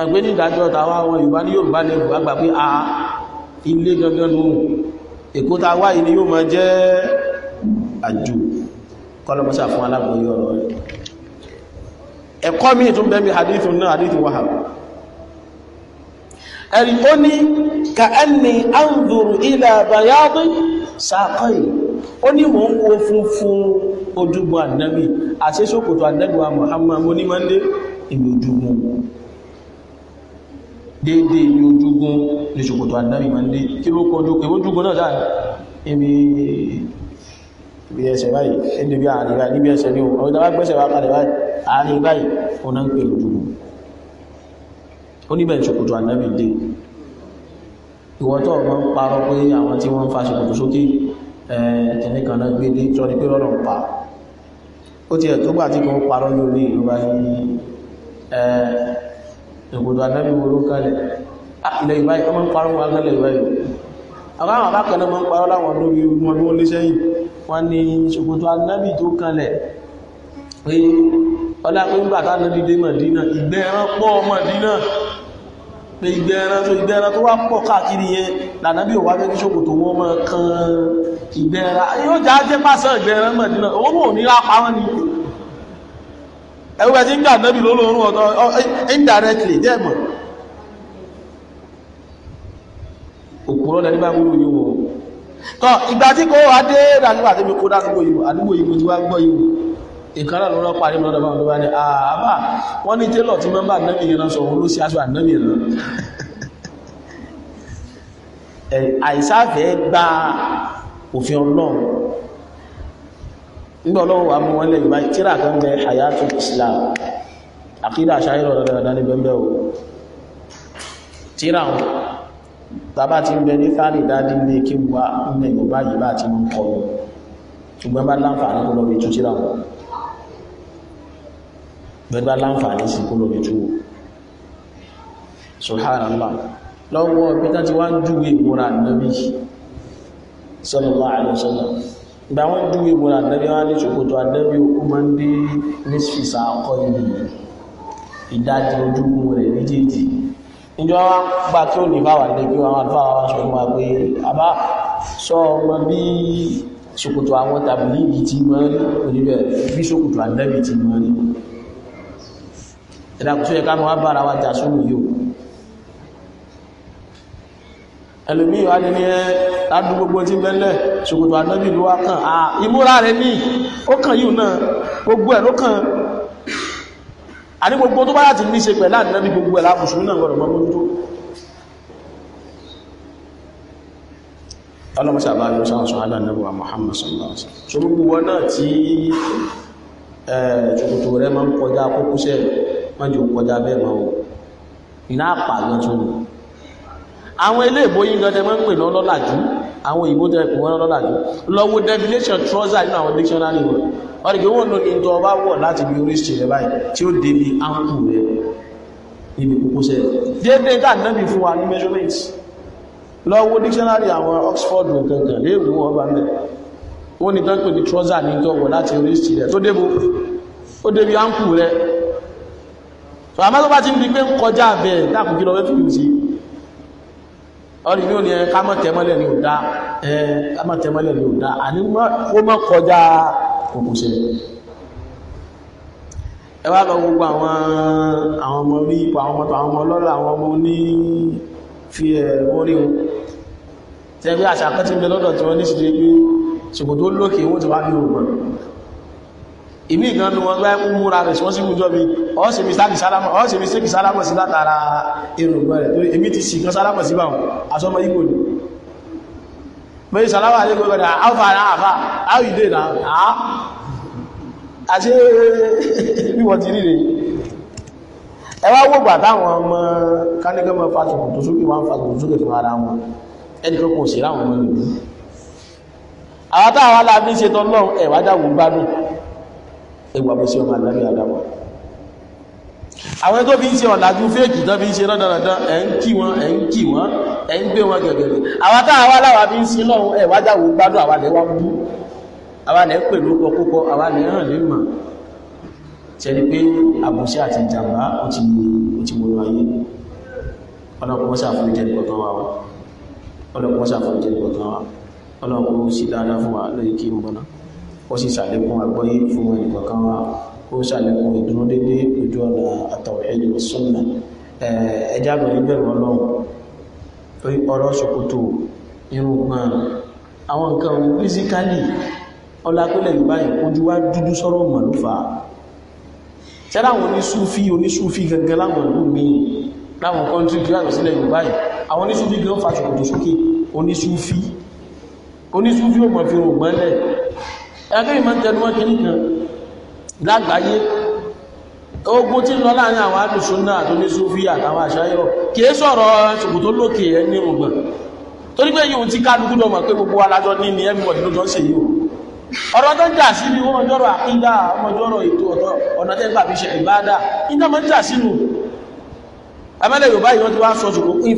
àgbé nídájọ́ tàwa àwọn Yorùbá ní Yorùbá lè rùgbà gbà pé a ilé gangan lóhun èkó ta wá ilé yóò máa jẹ́ àjò kọlọmọsà fún alágbòyí ọ̀rọ̀ rẹ̀ ẹ̀kọ́ mi tún bẹ́mi hadithun náà hadithun wahab ẹ̀rí ó ní ka ẹni anzuru ila bayadi saqai ó ní mò ń wo funfun ojúgun ànábì àti ṣòkòtò ànábì wa Muhammad mo ní máa ń lé èmi ojúgun déédé èmi ojúgun ní ṣòkòtò ànábì máa ń kí ló kọjú èmi ojúgun náà dáa ibi ẹsẹ̀ báyìí oníbẹ̀ ìṣòkòtò ànábì dé ìwọ́tọ̀ ọmọ ń parọ́ pé àwọn tí wọ́n ń fa ṣòkòtò sókè ẹ̀ẹ́kẹ̀ẹ́ kan náà gbé dé tí wọ́n ni pé rọ́rọ̀ ń pa ó ti ẹ̀ tó gbà tí kan ń parọ́ lórí ìrọba ní ẹ̀ẹ́kòtò ànábì wo ló kalẹ̀ ah, ilẹ̀ ìbáyìí ọmọ ń parọ́ wọn kálẹ̀ ìbáyìí àwọn àwọn abákan náà máa ń parọ́ ìgbẹ́ ẹran pọ̀ Mọ̀dínà pe igbe ẹran tó igbe ẹran tó wá pọ̀ káàkiri yẹn lànà bí òwá fẹ́kí ṣòkòtò wọn mọ́ kan igbe ẹran yóò já jẹ́ pàṣẹ ìgbẹ́ ẹran mọ̀ dínà owó mò ní lápá wọn ni ẹgbẹ́ tí ń dà nẹ́bì lólórun ọ̀tọ̀ indirectly jẹ́ mọ̀ òpùrọ̀ lẹ́ni bá wúlò yìí tọ́ ìgbà tí kò wá ìkárà ló rọ́ parí mọ́dọ̀ báwọn ló bá ní àbá wọ́n ní tẹ́lọ̀ tí mọ́mbà nẹ́bì ìran sọ òun ló sí aṣọ ànẹ́bì ìran àìsáfẹ́ gba òfin ọlọ́run nígbà ọlọ́run wà mú wọn lè gbá tíra kan bẹ hayatu islam àkídà ṣáyẹ̀rọ̀ dáadáa ní bẹ́ẹ̀ o tíra wọn tàbá ti ń bẹ ní fáàlì dáadé ní kí wà ń bẹ yorùbá yìí bá ti ń kọ ṣùgbọ́n bá láǹfààní kó lọ bí tú tíra gbẹ̀gbà láǹfààní sí kó lómi túwò subhanallah lọ́wọ́ pẹ́ta ti wá ń júwé ìmúra nàbí sallallahu alaihi wasallam ìgbà wọ́n júwé ìmúra nàbí wọ́n ní ṣòkòtò àdẹ́bí okú ma ń dé nísfìsà ọkọ̀ ìlú ìdájí ojúgbùn rẹ̀ méjèèjì ìjọ wa gbà kí ó ní bá wà ní kí wọn àlùfáà wa sọ fún wa pé àbá sọ ọmọ bí ṣòkòtò àwọn tàbí níbi tí wọ́n rí bí ṣòkòtò àdẹ́bí tí wọ́n rí ìdàkùsọ yẹ ká mọ́ bára wa jà sólù yóò ẹlòmí wà ní ní adú gbogbo tí bẹ́lẹ̀ ṣòkòtò ànábì ló wá kàn á ìmúra rẹ̀ ní ó kàn yìí náà gbogbo ẹ̀ ló kàn àní gbogbo tó bá láti ní ṣe pẹ̀lú ànábì gbogbo ẹ̀ láàbùsùn náà gbọ́dọ̀ mọ́ mójútó ọlọ́mọsá bá yóò sáwọn sọ́hálà nẹ́bùwà Muhammad sallallahu alaihi wasallam so gbogbo wọn náà tí ṣòkòtò rẹ̀ máa ń kọjá kókósẹ̀ wọ́n jù kọjá bẹ́ẹ̀ mọ́ o iná àpà gan tún ni àwọn ilé ìbòyí gan tẹ máa ń pè lọ lọ́làjú àwọn ìbò tẹ pè wọ́n lọ́làjú lọ́wọ́ definition trouser nínú àwọn dictionary wọn wọ́n dìgbò wọn lónìí tó ọba wọ̀ láti bí oríṣi rẹ̀ báyìí tí ó débi áńkù rẹ̀ níbi kókósẹ̀ déédéé tá nẹ́bí fún wa ní measurement lọ́wọ́ dictionary àwọn Oxford nǹkan kan léèwọ̀ ọba mẹ́rin wọ́n ní tán pè ní trouser ní tọ́wọ̀ láti oríṣi rẹ̀ tó débo ó débi áńkù rẹ̀ so àmọ́ tó bá ti ń bi pé ń kọjá abẹ́ dákùn kí lọ fẹ́ fìlú sí ọdún ní òní kámọ́ tẹ́mọ́lẹ̀ ní òdá ẹ kámọ́ tẹ́mọ́lẹ̀ ní òdá àní kó mọ́ kọjá òkùnṣẹ́ ẹ lọ gbogbo àwọn ọmọ orí ipò àwọn ọmọ àwọn ọlọ́rọ̀ àwọn ọmọ ní fi ẹ̀ o tẹ́gbẹ́ àṣà kan ìmí ìgan ní wọn gbá ẹkún múra rẹ̀ wọ́n sí ìwùjọ́ mi ọ́sì mi sáàkì sálámọ̀ ọ́sì mi sékì sálámọ̀ sí látara èrògbọ́ rẹ̀ tó èmi ti ṣìkan sálámọ̀ sí báwọn asọ́mọ igbó ni pé sálámọ̀ alẹ́gbẹ́ rẹ̀ alfa ara àfà how you dey na ha àti bí wọ́n ti rí rẹ̀ ẹ wá wò gbà táwọn ọmọ kánígẹ́mọ̀ fàtùkù tó sókè wọn fàtùkù sókè fún ara wọn ẹnìkan kò sí láwọn ọmọ ìlú àwọn táwọn aláàbí ṣe tọ́lọ́ ẹ̀wájà wò gbádùn ẹwà bó ṣe ọmọ ànábì àdáwà àwọn tó fi ń ṣe ọ̀làjú fèèkì tó fi ń ṣe lọ́dọ̀dọ̀ ẹ̀ ń kí wọn ẹ̀ ń kí wọn ẹ̀ ń gbé wọn gẹ̀gẹ̀rẹ̀ àwọn táwọn wá láwà fi ń ṣe lọ́hùn ẹ̀ wájà wò gbádùn àwa lẹ̀ wá bú àwa lẹ̀ ń pè lóko kókó àwa lẹ̀ hàn lè mọ̀ ṣẹlẹ̀ pé àbùṣe àti ìjàmbá ó ti mú ayé ọlọ́pọ̀ ṣàfihàn ìkọ̀kan wa ọlọ́pọ̀ ṣàfihàn ìkọ̀kan wa ọlọ́pọ̀ sí dáadáa fún wa lórí kí n bọ́ná ó sì ṣàlékún àgbọ́yé fún ẹnìkọ̀ọ̀kan wa ó ṣàlékún ìdúró dédé ojú ọ̀nà àtọ̀wẹ̀ẹ́dì sunna ẹjá bẹ̀rẹ̀ bẹ̀rù ọlọ́run ọ̀rọ̀ ṣòkòtò irun gbọ́n àwọn nǹkan físíkálì ọlápẹ́lẹ̀ yorùbá ìkójú wá dúdú sọ́rọ̀ mọ̀ ló fà á tẹ́lá àwọn oníṣúfí oníṣúfí gangan láwọn ìlú mi láwọn kọ́ntrí gíláàrùn sílẹ̀ yorùbá yìí àwọn oníṣúfí gan fa ṣòkòtò sókè oníṣúfí oníṣúfí ò mọ̀ fi rògbọ́n lẹ̀ ẹgbẹ́ ìmọ̀ tẹnumọ́ kìíní kan lágbàáyé ogun tí ń lọ láàrin àwọn alùsùnà àtúní súfí àtàwọn àṣáyọ̀ kìí sọ̀rọ̀ ṣùgbùn tó lókè ẹ ní ọgbọ̀n torí pé yíò tí kálukú lọ mọ̀ pé gbogbo alájọ́ ní ní everybody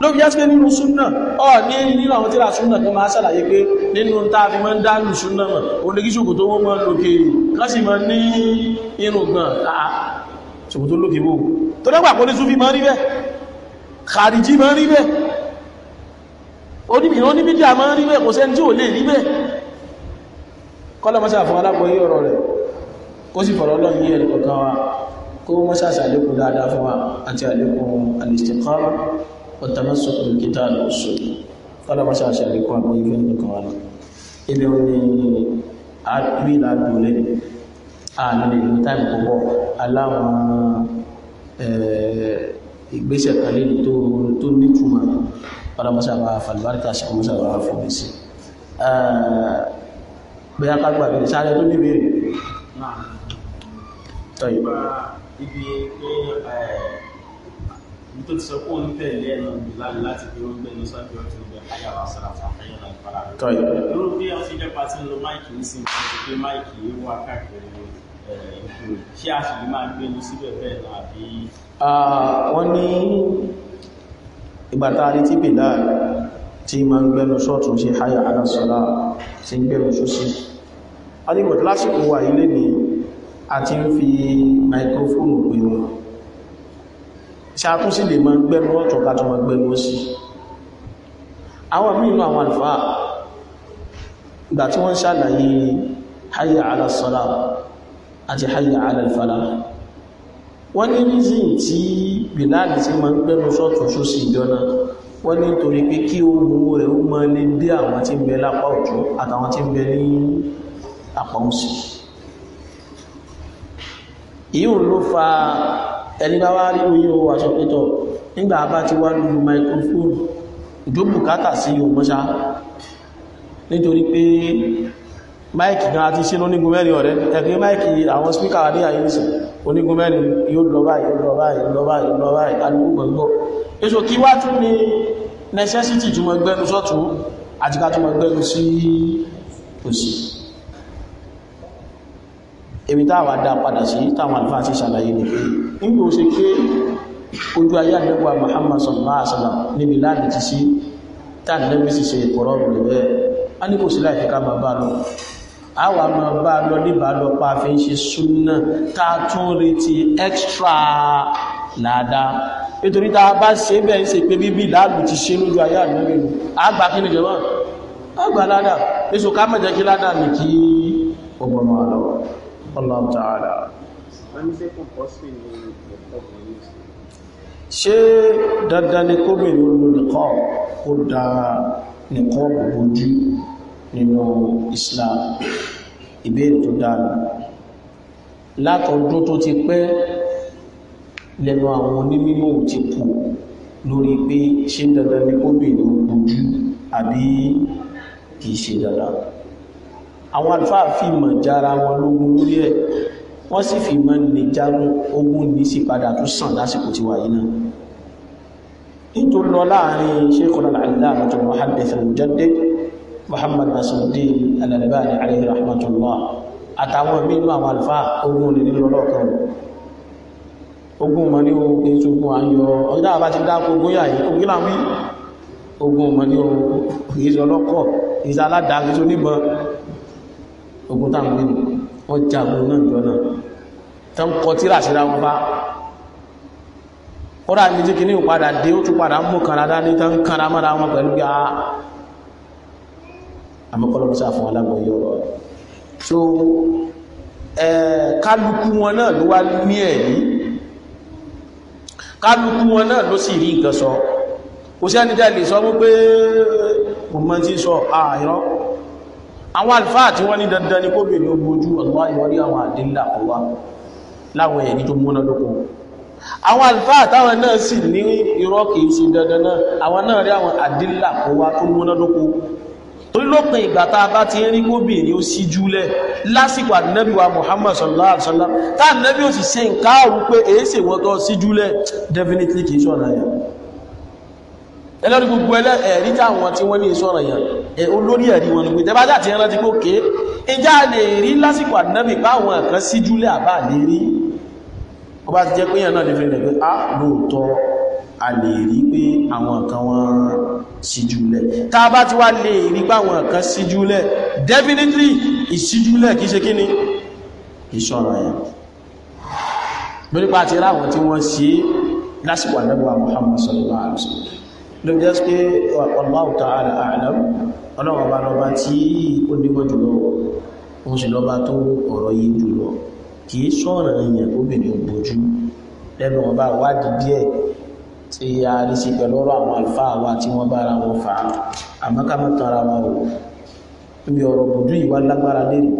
ló fi jásí pé nínú súnà ọ ní nínú àwọn tíra súnà tó máa ṣàlàyé pé nínú tá a fi máa ń dánù súnà mọ̀ oníkíṣòkò tó wọ́n máa lókè kán sì máa ní irùngbọ̀n àá ṣòkò tó lókè bò tó dẹ́gbà kó ní súnfí máa rí bẹ́ẹ̀ kàríjí máa rí bẹ́ẹ̀ oníbìnrin oníbìdíà máa rí bẹ́ẹ̀ kò sẹ́ni tí ò والتمسك بالكتاب والسنة قال ما شاء الله عليكم أبو يفين كمان إذا وني أبي لا دولة أنا لي تايم كوبو على ما ìgbésẹ̀ kan lẹ́nu tó tó nítumọ̀ ọlọ́mọṣà bá fàlùbáríkà ṣàmúṣà bá fòmí sí bóyá ká gbàgbé sáré tó níbi rẹ̀ tọ́yìn. ibi pé tó ti sọ pé òun tẹ̀lé ẹ̀ náà láti láti fi wọ́n gbẹ́nu sábẹ́ ọtí ọgbẹ́ àyà wa sára àfàyàn náà fara rẹ̀. a fi jẹ́ pati ń lo máìkì ń sìn kí ṣe pé máìkì yìí wá káàkiri eh, ṣé a sì lè máa gbẹ́nu síbẹ̀ bẹ́ẹ̀ náà àbí. wọ́n ní ìgbà tá a rí tí bèlà tí máa ń gbẹ́nu sọ́ọ̀tún ṣe háyà aláṣọ́lá ti ń gbẹ́nu sósì. a ní lásìkò wà ilé ni a ti ń fi máikrófóònù pè ṣàtúnṣì lè mọ́ gbẹ́nu ọ̀tọ̀ ká tó mọ́ gbẹ́nu sí àwọn mínú àwọn àlùfáà ìgbà tí wọ́n ṣàlàyé hayya ala salah àti hayya ala al-falah wọ́n ní rízìn tí bìláàlì tí ma ń gbẹ́nu sọ́tún sósì ìjọna wọ́n ní torí pé kí ohun rẹ̀ ó mọ́ lé dé àwọn tí ń bẹ lápá ọ̀tún àtàwọn tí ń ẹni bá wá rí oyin owó aṣọ pẹ́tọ̀ nígbà bá ti wá lulu microphone ìjókù kátà sí òmọ́ṣá nítorí pé máìkì gan àti ṣe lónígun mẹ́rin ọ̀rẹ́ ẹgbẹ́ máìkì àwọn spíkà wà ní àyíkìsì onígun mẹ́rin yóò lọ báyìí lọ báyìí lọ báyìí lọ báyìí èmi táwà dá padà sí táwọn àlùfáà ti ṣàlàyé ni pé nígbà ṣe pé ojú ayé àdẹ́gbà Muhammad sallallahu alaihi wasallam níbi láàrín ti sí tàbí sí ṣe ìkọ̀rọ̀ rẹ̀ bẹ́ẹ̀ a ní kò sí láì fẹ́ká máa bá lọ a máa bá lọ níbà lọ pa fi ń ṣe súnà ta tún retí extra láàdá nítorí ta bá ṣe bẹ́ẹ̀ ń ṣe pé bíbí láàrù ti ṣe lójú ayé àdẹ́gbà àgbà kí ni jẹ́ wọ́n àgbà ládà èso ká mẹ́jẹ́ kí ládà ní kí ọgbọ̀n máa Allahu ta'ala ṣé dandan ni kóbìnrin ló nìkọ́ ó da nìkọ́ bójú nínú Islam ìbéèrè tó dára látọdún tó ti pẹ́ lẹ́nu àwọn onímọ̀ ti kù lórí pé ṣé dandan ni kóbìnrin bójú àbí kìí ṣe dandan àwọn àlùfáà fi mọ̀ jára wọn lógun lórí ẹ̀ wọ́n sì fi mọ̀ ní járún ogun ní sí padà tó sàn lásìkò tí wáyé náà nítorí lọ láàrin Sheikhuna al-Allama al-Muhaddith al-Mujaddid Muhammad Nasiruddin al-Albani alayhi rahmatullah àtàwọn mímú àwọn àlùfáà ogun ní lọ́lọ́kan ogun mọ̀ ní ogun ayọ̀ ọjọ́ àbá ti dákò ogun yà yìí ogun láwí ogun mọ̀ ogun ìṣọ́lọ́kọ̀ ìṣàládàá tó ogun táwọn nínú wọ́n jagun náà jọ náà tán kọ tíra síra wọn bá kọ́ra méjì kìíní padà dé ó tún padà mú kanada ní tán kanada mọ́ra wọn pẹ̀lú bí a àmọ́kọ́lọ́mọ́ sáà fún alágbọ̀n yọ̀rọ̀ so kálukú wọn náà ló wá ní ẹ̀rí kálukú wọn náà ló sì rí nǹkan sọ kò sí ẹni jẹ́ sọ wípé mo mọ́ tí sọ ààrọ́ àwọn alfáà tí wọ́n ní dandan ní kóbìnrin ó bojú Allah yọrí àwọn àdínlá ọwá láwọn ẹ̀ní tó múná lókun àwọn alfáà táwọn náà sì ní irọ́ kìí ṣe dandan náà àwọn náà rí àwọn àdínlá ọwá tó múná lókun torí lópin ìgbà tá a bá ti rí gómìnà ó sí júlẹ̀ lásìkò Muhammad sallallahu alaihi wasallam tá ànábì ó sì ṣe nǹkan àrùn pé èé ṣèwọ́tọ̀ sí júlẹ̀ definitely kìí ṣọ̀nà yẹn ẹlọ́rí gbogbo ẹlẹ́ ẹ̀rí táwọn tí wọ́n ní èso ọ̀rọ̀ yàn olórí ẹ̀rí wọn nígbé tẹ́bá dà ti ẹran ti gbókè ìjà lè rí lásìkò ànábì báwọn ẹ̀kan sí júlẹ̀ àbá lè rí ó bá ti jẹ́ pé yàn náà lè rí pé àwọn kan wọ́n sí júlẹ̀ tá a bá ti wá lè rí báwọn kan sí júlẹ̀ definitely ìsíjúlẹ̀ kìí ṣe kíni ìṣọ́ra yàn lórípa àti ráwọn tí wọ́n ṣe lásìkò ànábì wa Muhammad sallallahu alaihi wasallam ló jẹ́ pé wallahu ta'ala a'lam ọlọ́wọ́ bá lọ́ba tí ó nímọ̀ jùlọ òun sì lọ́ba tó ọ̀rọ̀ yìí jùlọ kì í sọ̀rọ̀ èèyàn obìnrin ògbójú lẹ́nu wọn bá wádìí díẹ̀ tí a rí sí pẹ̀lú ọ̀rọ̀ àwọn àlùfáà wa tí wọ́n bá ara wọn fà ara wọn o níbi ọ̀rọ̀ bòdú ìwà lágbára lẹ́nu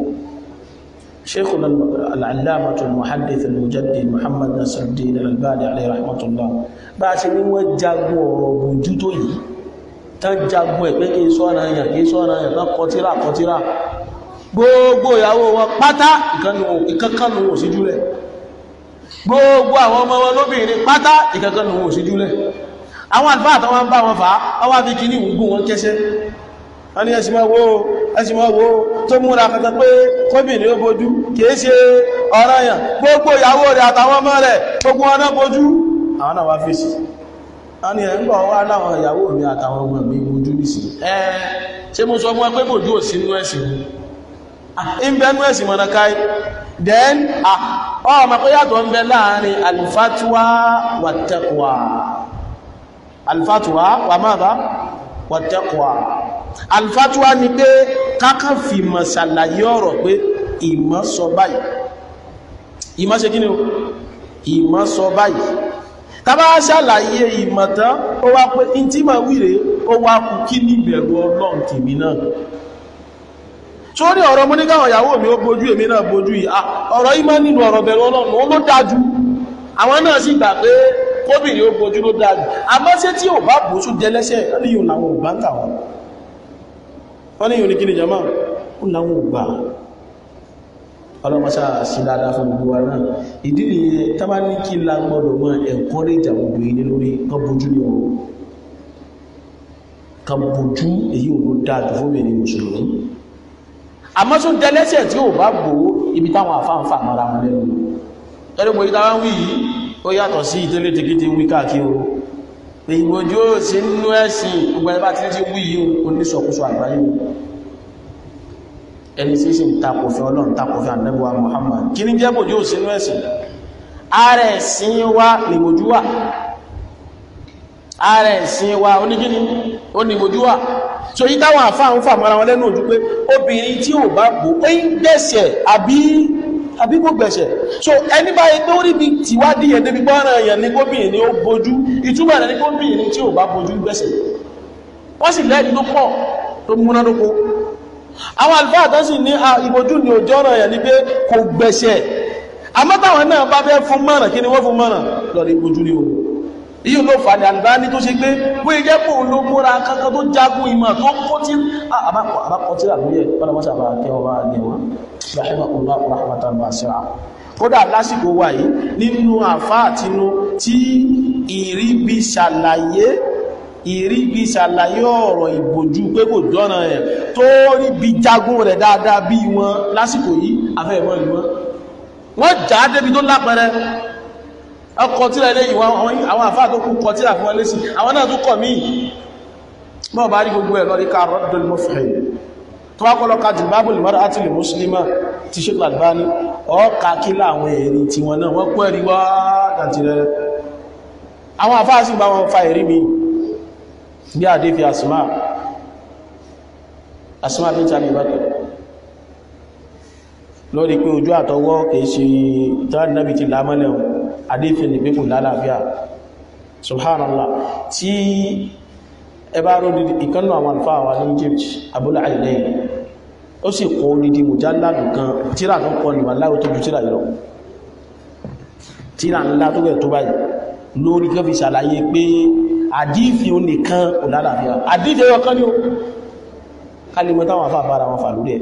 شيخنا العلامة المحدث المجدد محمد ناصر الدين الألباني عليه رحمة الله bá a ṣe ní wọ́n jagun ọ̀rọ̀ ògbójú tó yìí tán jagun ẹ̀ pé kí n sọ ara yàn kí n sọ ara yàn tán kọtíra kọtíra gbogbo ìyàwó wọn pátá ìkankanù wọn sí júlẹ̀ gbogbo àwọn ọmọ wọn lóbìnrin pátá ìkankanù wọn sí júlẹ̀ àwọn àlùfáà tó wọ́n bá wọn fà á wá fi kí ní ìwúgbò wọn kẹsẹ́ wọ́n ní ẹ̀sìn máa wo ẹ̀sìn máa wo tó múra kẹta pé kóbìnrin ó bojú kìí ṣe ọ̀ranyàn gbogbo ìyàwó rẹ̀ àtàwọn ọmọ rẹ̀ gbogbo wọn náà bojú àwọn náà wá fèsì a ní ẹ̀ńgbọ̀ wá láwọn ìyàwó mi àtàwọn ọmọ mi bojú nìsí ẹ ṣé mo sọ fún ẹ bòjú ò sí nínú ẹ̀sìn ń then ọmọ pé yàtọ̀ ń bẹ láàrin alifatuwa wà taqwa alifatuwa wà máa bá wà taqwa alifatuwa ni pé kákan fi mọ̀ ṣàlàyé ọ̀rọ̀ pé ìmọ̀ sọ báyìí ìmọ̀ ṣe kí ìmọ̀ sọ báyìí tábà ṣàlàyé ìmọ̀tán ó wá pé ní tí màá wíre ó wá kú kí ní ìbẹ̀rù ọlọ́run tèmi náà sórí ọ̀rọ̀ mo ní káwọn ìyàwó mi ó bojú èmi náà bojú yìí ah, ọ̀rọ̀ yìí máa nínú ọ̀rọ̀ bẹ̀rù ọlọ́run ó ló dájú àwọn náà ọlọ́mọṣá sí dáadáa fún gbogbo wa náà ìdí nìyẹn tábà ní kí la gbọ́dọ̀ mọ ẹ̀kọ́ lè jà gbogbo yìí lórí kan bójú ni o kan bójú èyí ò ló dáa jù fún mi ní mùsùlùmí àmọ́ tó dẹlẹ́sẹ̀ tí ò bá gbò ó ibi táwọn àfáǹfà mara wọn lẹ́nu ẹni mo ìta wọn wí yìí ó yàtọ̀ sí ìtẹ́lẹ̀ tẹ́kẹ́tẹ́ wí káàkiri o pé ìgbòjú ó sì ń nú ẹ̀sìn gbogbo ẹni ẹni tí sì ń takòfin ọlọ́run takòfin àdẹ́bùwà Muhammad kí ní jẹ́ bòjú òsínú ẹ̀sìn ààrẹ ẹ̀sìn wa nìgbòjú wà ààrẹ ẹ̀sìn wa onígíní onígbòjú wà so yí táwọn àfáà ń fàmọ́ra wọn lẹ́nu ojú pé obìnrin tí ò bá bò ó ń gbẹ̀ṣẹ̀ àbí kò gbẹ̀ṣẹ̀ so ẹni báyìí pé ó rí bí tìwádìí ẹ̀ débi gbọ́ràn èèyàn ní gómìnà ni ó bojú ìtumọ̀ rẹ̀ ní gómìnà tí ò bá bojú gbẹ̀ṣẹ̀ wọ́n sì lẹ́ẹ̀dì tó pọ̀ àwọn àlùfáà tó sì ní ìbojú ní òjò ọ̀rọ̀ yẹn ni pé kò gbẹ̀ṣẹ̀ àmọ́ táwọn náà bá fẹ́ fún mọ̀ràn kí ni wọ́n fún mọ̀ràn lọ́dí ìbojú ni o yìí ló fà ní Albani tó ṣe pé wọ́n jẹ́ pò ló múra kankan tó jagun ìmọ̀ tó kó tí àbákọ̀tí àbúyẹ̀ pọ́nàmọ́sà bá kẹwàá bá ní wọn rahimah allah rahmatan basira kódà lásìkò wà nínú àfáà tinú tí ìríbi ṣàlàyé ìríbi ṣàlàyé ọ̀rọ̀ ìgbòjú pé kò dọ́nà ẹ̀ tó ríbi jagun rẹ̀ dáadáa bí wọn lásìkò yìí afẹ́ ìwọ̀n ìlú wọn wọ́n jà á débi tó lápẹẹrẹ ọkọ̀ tíra lẹ́yìn àwọn àfáà tó kún kọ tíra fún wọn lẹ́sìn àwọn náà tó kọ̀ míì mọ́ bá rí gbogbo ẹ̀ lọ́rí ká rọ́dọ̀lì mọ́fẹ́ tó wákọ́lọ́ àfáà sì bá wọn fa èrí mi bí àdé fi àsìmá àsìmá bí tàbí ìbákan lórí pé ojú àtọwọ́ kìí ṣe ìtàdínábì ti lámọ́lẹ̀ àdé fi ní pípò lálàáfíà subhanallah tí ẹ bá rọ́ ìkánnà àwọn alfáà wà ní Egypt abúlé àìlẹ́yìn ó sì kọ onídi mùjáládù kan tíra tó pọ̀ níwà láwọ́ tó ju tíra yìí ńlá lórí kan fi ṣàlàyé pé àdífì ó nìkan ò lálàáfíà àdífì ẹyọ kan ní o kálímọ̀ táwọn àfà bára wọn fà lórí ẹ̀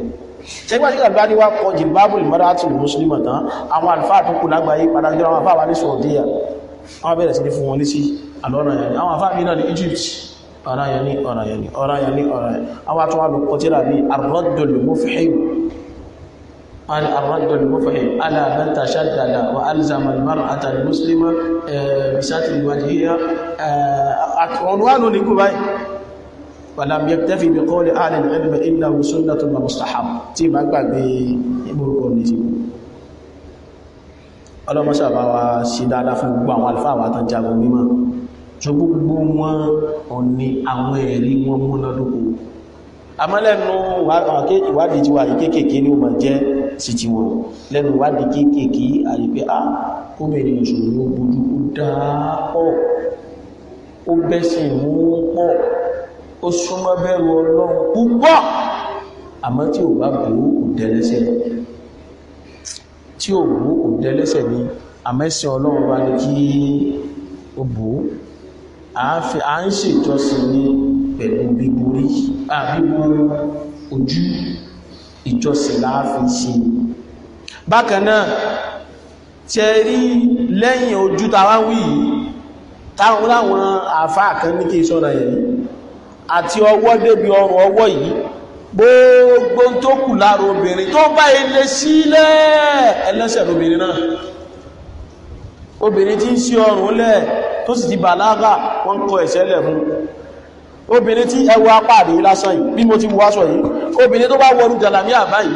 ṣẹ́gbà sí àgbà ní wá kọ jìbábùl mọ́rátùl mùsùlùmọ̀ tán àwọn àlùfáà tó kù lágbàáyé padàjọ́ àwọn àfà wà ní sọ̀rọ̀díyà àwọn bẹ̀rẹ̀ sí ní fún wọn létí àlọ́ràn yẹn àwọn àfà mi náà ní Egypt ọ̀ràn yẹn ní ọ̀ràn yẹn ní ọ̀ràn yẹn ní ọ̀ràn yẹn àwọn àtúwà lò kọtíra قال الرد المفهم على من تشدد والزم المراه المسلمه بساتر الوجهيه عنوان لكم ولم يكتفي بقول اهل العلم انه سنه ومستحب تي ما غبي burúkọ ní ti ọlọ́mọ́sà bá wa sí dáadáa fún gbogbo àwọn alfáà wà tán jagun mímọ̀ tó gbogbo wọn ọ̀ni àwọn ẹ̀rí wọn múnádókò amọ́lẹ́nu ìwádìí tí wà ní kéèkéé ní ó máa jẹ́ sí ti wọ̀ lẹ́nu ìwádìí kéékèèké àyíké a kóbìnrin mùsùlùmí ó bójú ó dáápọ̀ ó bẹ́sìn mú pọ̀ ó súnmọ́ bẹ̀rù ọlọ́run púpọ̀ àmọ́ tí ò bá bò ó kò dẹ́lẹ́sẹ̀ tí ò bò ó kò dẹ́lẹ́sẹ̀ ni àmẹ́sìn ọlọ́run bá ní kí ó bò ó à ń ṣèjọsìn ní pẹ̀lú bíborí àbíbo ojú ìjọsìn láàfin ṣe bákan náà ṣe rí lẹ́yìn ojú tàwa wí táwọn láwọn àfáà kan ní kí sọ́nà yẹn àti ọwọ́ débi ọrùn ọwọ́ yìí gbogbo tó kù lára obìnrin tó bá ilé sílẹ̀ ẹlẹ́sẹ̀ lóbìnrin náà obìnrin tí ń sí ọrùn lẹ̀ tó sì ti bàlágà wọ́n kọ ẹ̀ṣẹ̀ fún obìnrin tí ẹwọ apá lásán yìí bí mo ti wọ́ yìí obìnrin tó bá wọrú jàlámíà báyìí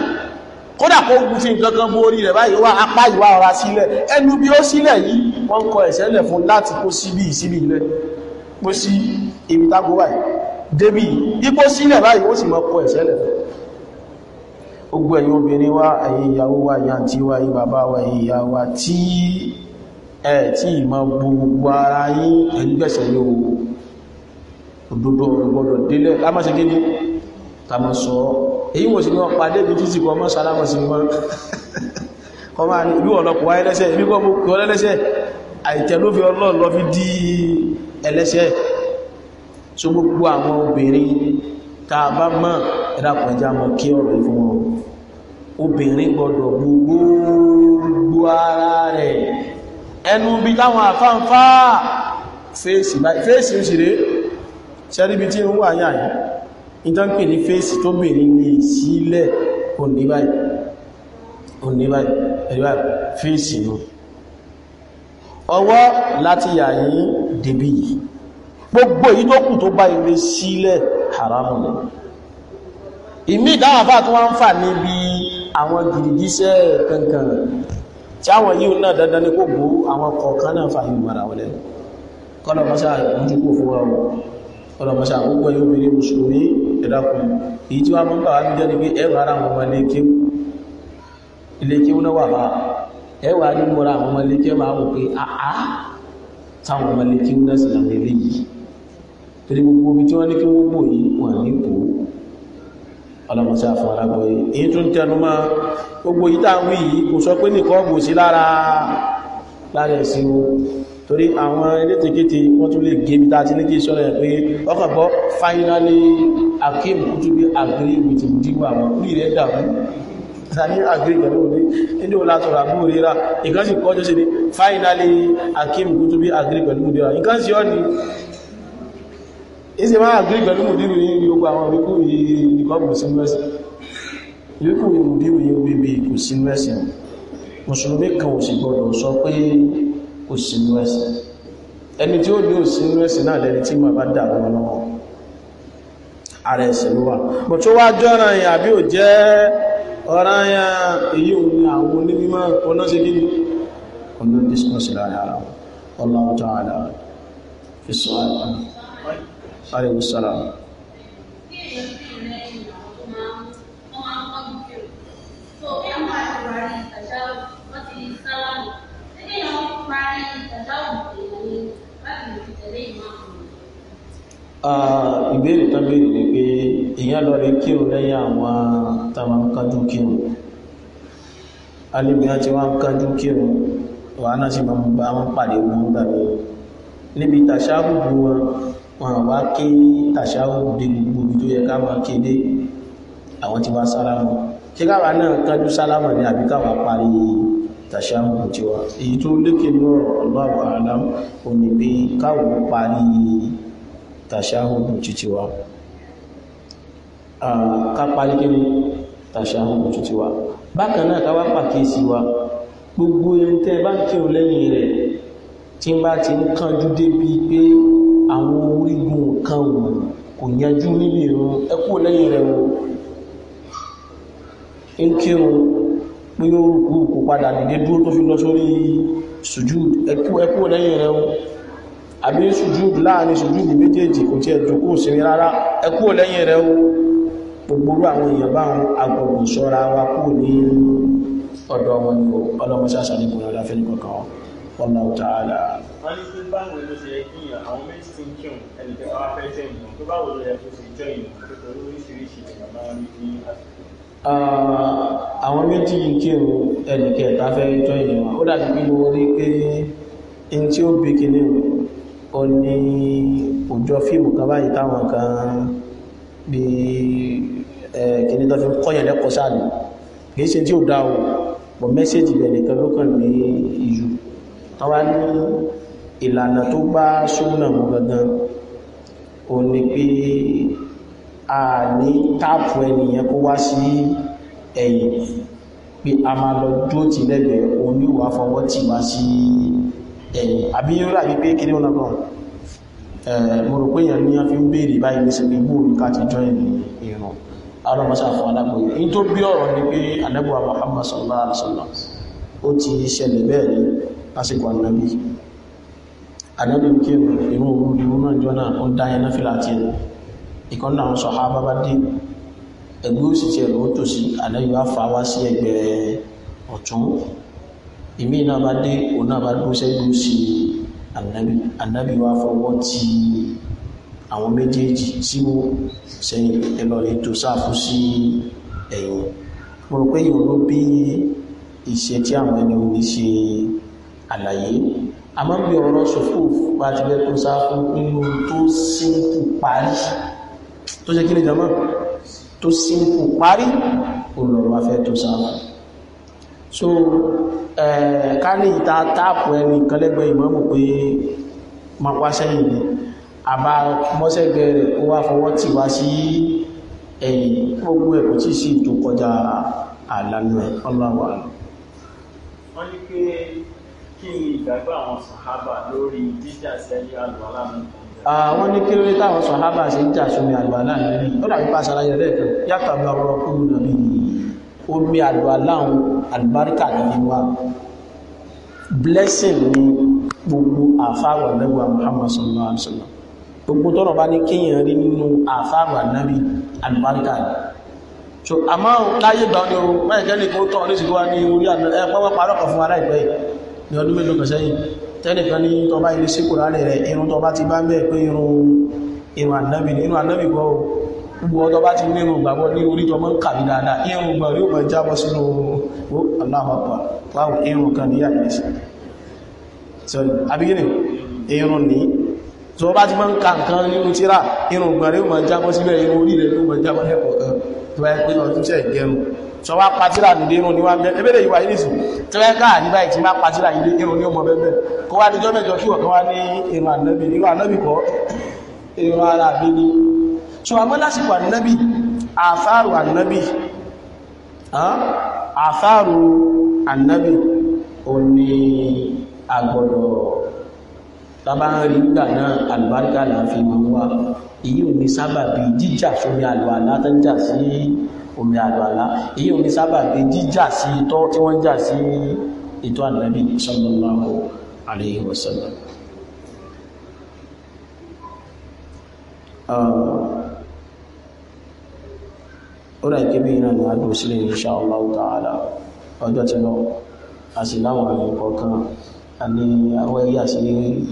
kódà kó gùn fi nǹkan kan bú orí rẹ̀ báyìí wá apá ìwà ọ̀rá sílẹ̀ ẹnu bí ó sílẹ̀ yìí wọ́n kọ ẹ̀ṣẹ́ lẹ̀ fún láti kó síbí ìsíbí ilẹ̀ kó sí ibi báyìí débì ipò sílẹ̀ báyìí ó sì mọ́ wa ẹ̀yin ìyàwó wa ẹ̀yin wa ẹ̀yin wa ẹ̀yin ìyá wa tí ẹ̀ tí ìmọ̀ gbogbo ara yín tàmà sọ̀rọ̀ èyí wọ́n sì ní wọ́n pàdé bí títí kọ mọ́ sálámà sí wọn kọ máa ní ìlú ọ̀lọ́pọ̀ wáyé lẹ́sẹ̀ ibi kọ́ mú kí wọ́n lẹ́lẹ́sẹ̀ àìtẹ́ ló fi ọlọ́run lọ fi di ẹlẹ́sẹ̀ so gbogbo àwọn obìnrin tá a bá mọ̀ ẹ̀dàpọ̀ ẹja mọ̀ kí ọ̀rọ̀ fún wọn obìnrin gbọ́dọ̀ gbogbo ara rẹ̀ ìtàn pè ní fèsì tó bèèrè ní ìsílẹ̀ òní báyìí òní báyìí ẹ̀rí báyìí fèsì nù ọwọ́ láti yà yìí débì yìí gbogbo èyí tó kù tó bá ire sílẹ̀ haramu ni ìmí ìdáhùn àfáà tó wá ń fà níbi àwọn gidigiṣẹ́ kankan tí àwọn yíò náà dandan ní kó àwọn kọ̀ọ̀kan náà fà yìí mara wọlé kọ́lọ̀ mọ́ṣáà fún wa kọ́lọ̀ gbogbo ẹ̀yọ́ obìnrin mùsùlùmí ẹ̀dàkùn èyí tí wá mọ́ bàwà ní jẹ́ ni pé ẹwà ara àwọn ọmọ ilé kéwú náà wà bá ẹwà ní mọ́ra àwọn ọmọ ilé kéwú máa wò pé àá táwọn ọmọ ilé yi. náà sì làwọn ilé yìí gbogbo omi wọ́n ní gbogbo yi táwọn yìí kò torí àwọn elétèkéte wọ́n tún lè gẹ́bi tá ti ní kí sọ́rọ̀ ẹ̀ pé ọkọ̀ bọ́ finally akim kutubi agree with ndigo àwọn orí rẹ̀ dàrú sani agree pẹ̀lú òní nínú látọ̀rọ̀ àbú òríra nǹkan sì kọjú sí ni finally akim kutubi agree pẹ̀lú òríra nǹkan sì ọ́ ni ìsì máa agree pẹ̀lú òdírù ní gbogbo àwọn oríkú ìdíkọ́ kò sínú ẹ̀sìn ìríkù ìmùdírù yóò bèbè kò sínú ẹ̀sìn mùsùlùmí kan ò sì gbọdọ̀ sọ pé kò sínú ẹ̀sìn ẹni tí ó ní òsínú ẹ̀sìn náà lẹ́ni tí ma bá dàbí wọn lọ́wọ́ ààrẹ ẹ̀sìn ló wà bọ̀ tó wá jọ́ ọ̀ràn yẹn àbí ò jẹ́ ọ̀ràn yẹn àwọn onímọ̀ ọ̀nà ṣe Ah, ìbéèrè tó béèrè ni pé èyàn lọ rí kí o lẹ́yìn àwọn tàwọn kájú kírun alébìyàn tí wọ́n kájú kírun wà náà sí máa bá wọn pàdé wọn gbàgbé níbi tàṣáhùbù wọn wọn wá kí tàṣáhùbù dé gbogbo ibi tó yẹ ká máa kéde àwọn tí wá sálámù ṣé káwa náà kájú sálámù ni àbí káwa parí tàṣàmù tí wá èyí tó lékè lọ́rọ̀ Allahu a'lam ò ní pé káwọn parí tàṣàmù títí wá ká parí kí ni tàṣàmù títí wá bákan náà ká wá pàkíyèsí wa gbogbo ẹni tẹ́ bá ń kírun lẹ́yìn rẹ̀ tí n bá ti ń kánjú débi pé àwọn orígun kan kò yanjú níbi ìrun lẹ́yìn rẹ̀ wò pé ó rùkú kò padà dìde dúró tó fi lọ sórí sùjúd ẹkú ẹkú lẹ́yìn rẹ̀ àbí sùjúd láàrin sùjúd méjèèjì kò tí ẹ̀dùnkú sí ní rárá ẹkú lẹ́yìn rẹ̀ gbogbo àwọn èèyàn bá wọn agbọ̀gbọ̀ ṣọ́ra wa kú ní ọ̀dọ̀ wọn ni ọlọ́mọṣáṣà ní kò rárá fẹ́ni kankan wọn náà tààlà wọ́n ní pé báwo Ah, àwọn méjì yìí kírun ẹnìkẹta fẹ́ jọ ìyẹ̀wà ó dàbí bí mo rí pé in tí ó bí kíní ó ní òjò fíìmù kan báyìí táwọn kan bí kíní tó fi kọ́yẹ̀ lẹ́kọ̀ọ́ sáàlì kìí ṣe tí ó dá o bọ̀ mẹ́sẹ̀jì rẹ̀ nìkan ló kàn ní ìyù tọ́wá ní ìlànà tó bá ṣúgbọ́n gangan ò ní pé a ní táàpù ẹnìyẹn kó wá sí ẹ̀yìn pé a máa lọ dúró ti lẹ́gbẹ̀ẹ́ oníwà fọwọ́ tì wá sí ẹ̀yìn àbí yóò rà wípé kí ní ọ̀nà kan mo rò pé èèyàn ní wọ́n fi ń béèrè báyìí ní sẹ́gbẹ̀ gbòòrò káàtì jọ ìrùn alọ́mọsá fún alágbòye ní tó bí ni pé anábùwà Muhammad sallallahu alaihi wasallam ó ti ṣẹlẹ̀ bẹ́ẹ̀ ní lásìkò anábì anábì kí irun òru ni wọn náà ìkan náà sọ ha bábá dé ẹgbẹ́ òsì tiẹ̀ ló tòsí ànábì bá fa wá sí ẹgbẹ́ ọ̀tún ìmí náà bá dé òun náà bá dúró sẹ́gbẹ́ òsì ànábì ànábì wá fọwọ́ ti àwọn méjèèjì tí mo sẹ́yìn ẹlọ́rin tó sáàfù sí ẹ̀yìn mo rò pé yòó ló bí ìṣe tí àwọn ẹni omi ṣe àlàyé àmọ́ bí ọ̀rọ̀ ṣòfò bá ti fẹ́ kó sáàfù nínú tó sínkù parí tó ṣe kí ní jama tó sínkù parí olùrọ̀ afẹ́ tó sáwà so ká ní ìta táàpù ẹni kọlẹ́gbẹ́ ìmọ̀mù pé ma wá sẹ́yìn ni àbá mọ́sẹ́gbẹ́ rẹ̀ ó wá fọwọ́ tì wá sí ẹ̀yìn gbogbo ẹ̀kù tí sí tó kọjá àlànà ẹ̀ ọlọ́wà wọ́n ní pé kí ìgbàgbọ́ àwọn lórí àwọn ah, ní kéré táwọn sọ̀hábà sí ń jà sómi àlùwàlá nílì ó dàbí pa àṣàlàyé lẹ́ẹ̀kan yàtọ̀ àbí ọrọ̀ kúrú nàbí omi àlùwàlá àwọn àlùbáríkà nílé wa blessing ni gbogbo àfáàwà lẹ́wà Muhammad sallallahu alaihi wasallam gbogbo tọ́rọ̀ bá ní kíyàn rí nínú àfáàwà so àmọ́ láyé gbà ní oru mẹ́ẹ̀kẹ́ ní kó tọ́ ní sí wá ní orí àpapọ̀ parọ́kọ̀ fún aláìpẹ́ ní ọdún mélòó tẹ́nìkan ní tọba ilé sí kùránì rẹ̀ irun tọba ti bá mẹ́ pé irun ànábì irun ànábì gbọ́ gbogbo ọdọ bá ti ní irun gbàgbọ́ ní orí tọmọ ń kàrí dáadáa irun gbọ́ yóò mọ̀ jábọ́ sínú ó aláhọ̀pọ̀ wáwọ̀ irun kan ní àyè sí sorry abigini irun ní tó bá ti mọ́ ń ka nǹkan nínú tíra irun gbọ́ sọ wá patira nílé irun ni wá ń bẹ ebéèrè ìwà yìí nìsín tí wọ́n ká àdìbá yìí ti má patira ilé irun ni ó mọ bẹ́ẹ̀ kó wá níjọ́ mẹ́jọ kí ọ̀kan wá ní irun ànábì irun ànábì kọ́ irun ara mi ni so àmọ́ lásìkò ànábì àfáàrù ànábì àfáàrù ànábì ò ní àgbọ̀dọ̀ tábà ń rí gbà náà àlùbáríkà là fi mọ̀ wá èyí ò ní sábà bí jíjà sómi àlùwàlá tó ń jà sí omi àlùwàlá èyí ò ní sábà bí jíjà sí itọ́ tí wọ́n jà sí ètò ànábì sallallahu alayhi wa sallam. ó rà ìkébí iná ní adùn sílẹ̀ insha Allah ta'ala ọjọ́ tí lọ àti láwọn àyẹ̀kọ̀ọ̀kan Ani, àwọn ẹ̀yà sí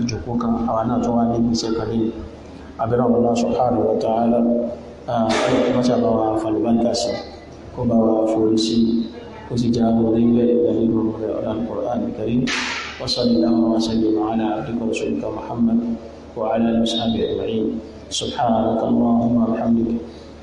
ìjòkó kan àwọn náà tó wá ní ìgbésẹ̀ kan nínú abẹ́rẹ́ ọ̀rọ̀ náà subhanahu wa ta'ala mọ́sà bá kó bá wa forí sí ó sì jẹ́ àwọn onígbẹ̀ ìgbàlódé rẹ̀ ọ̀rọ̀ al-Qur'an al-Karim wa sallallahu wa sallam ala abdika wa rasulika Muhammad wa ala alihi wa sahbihi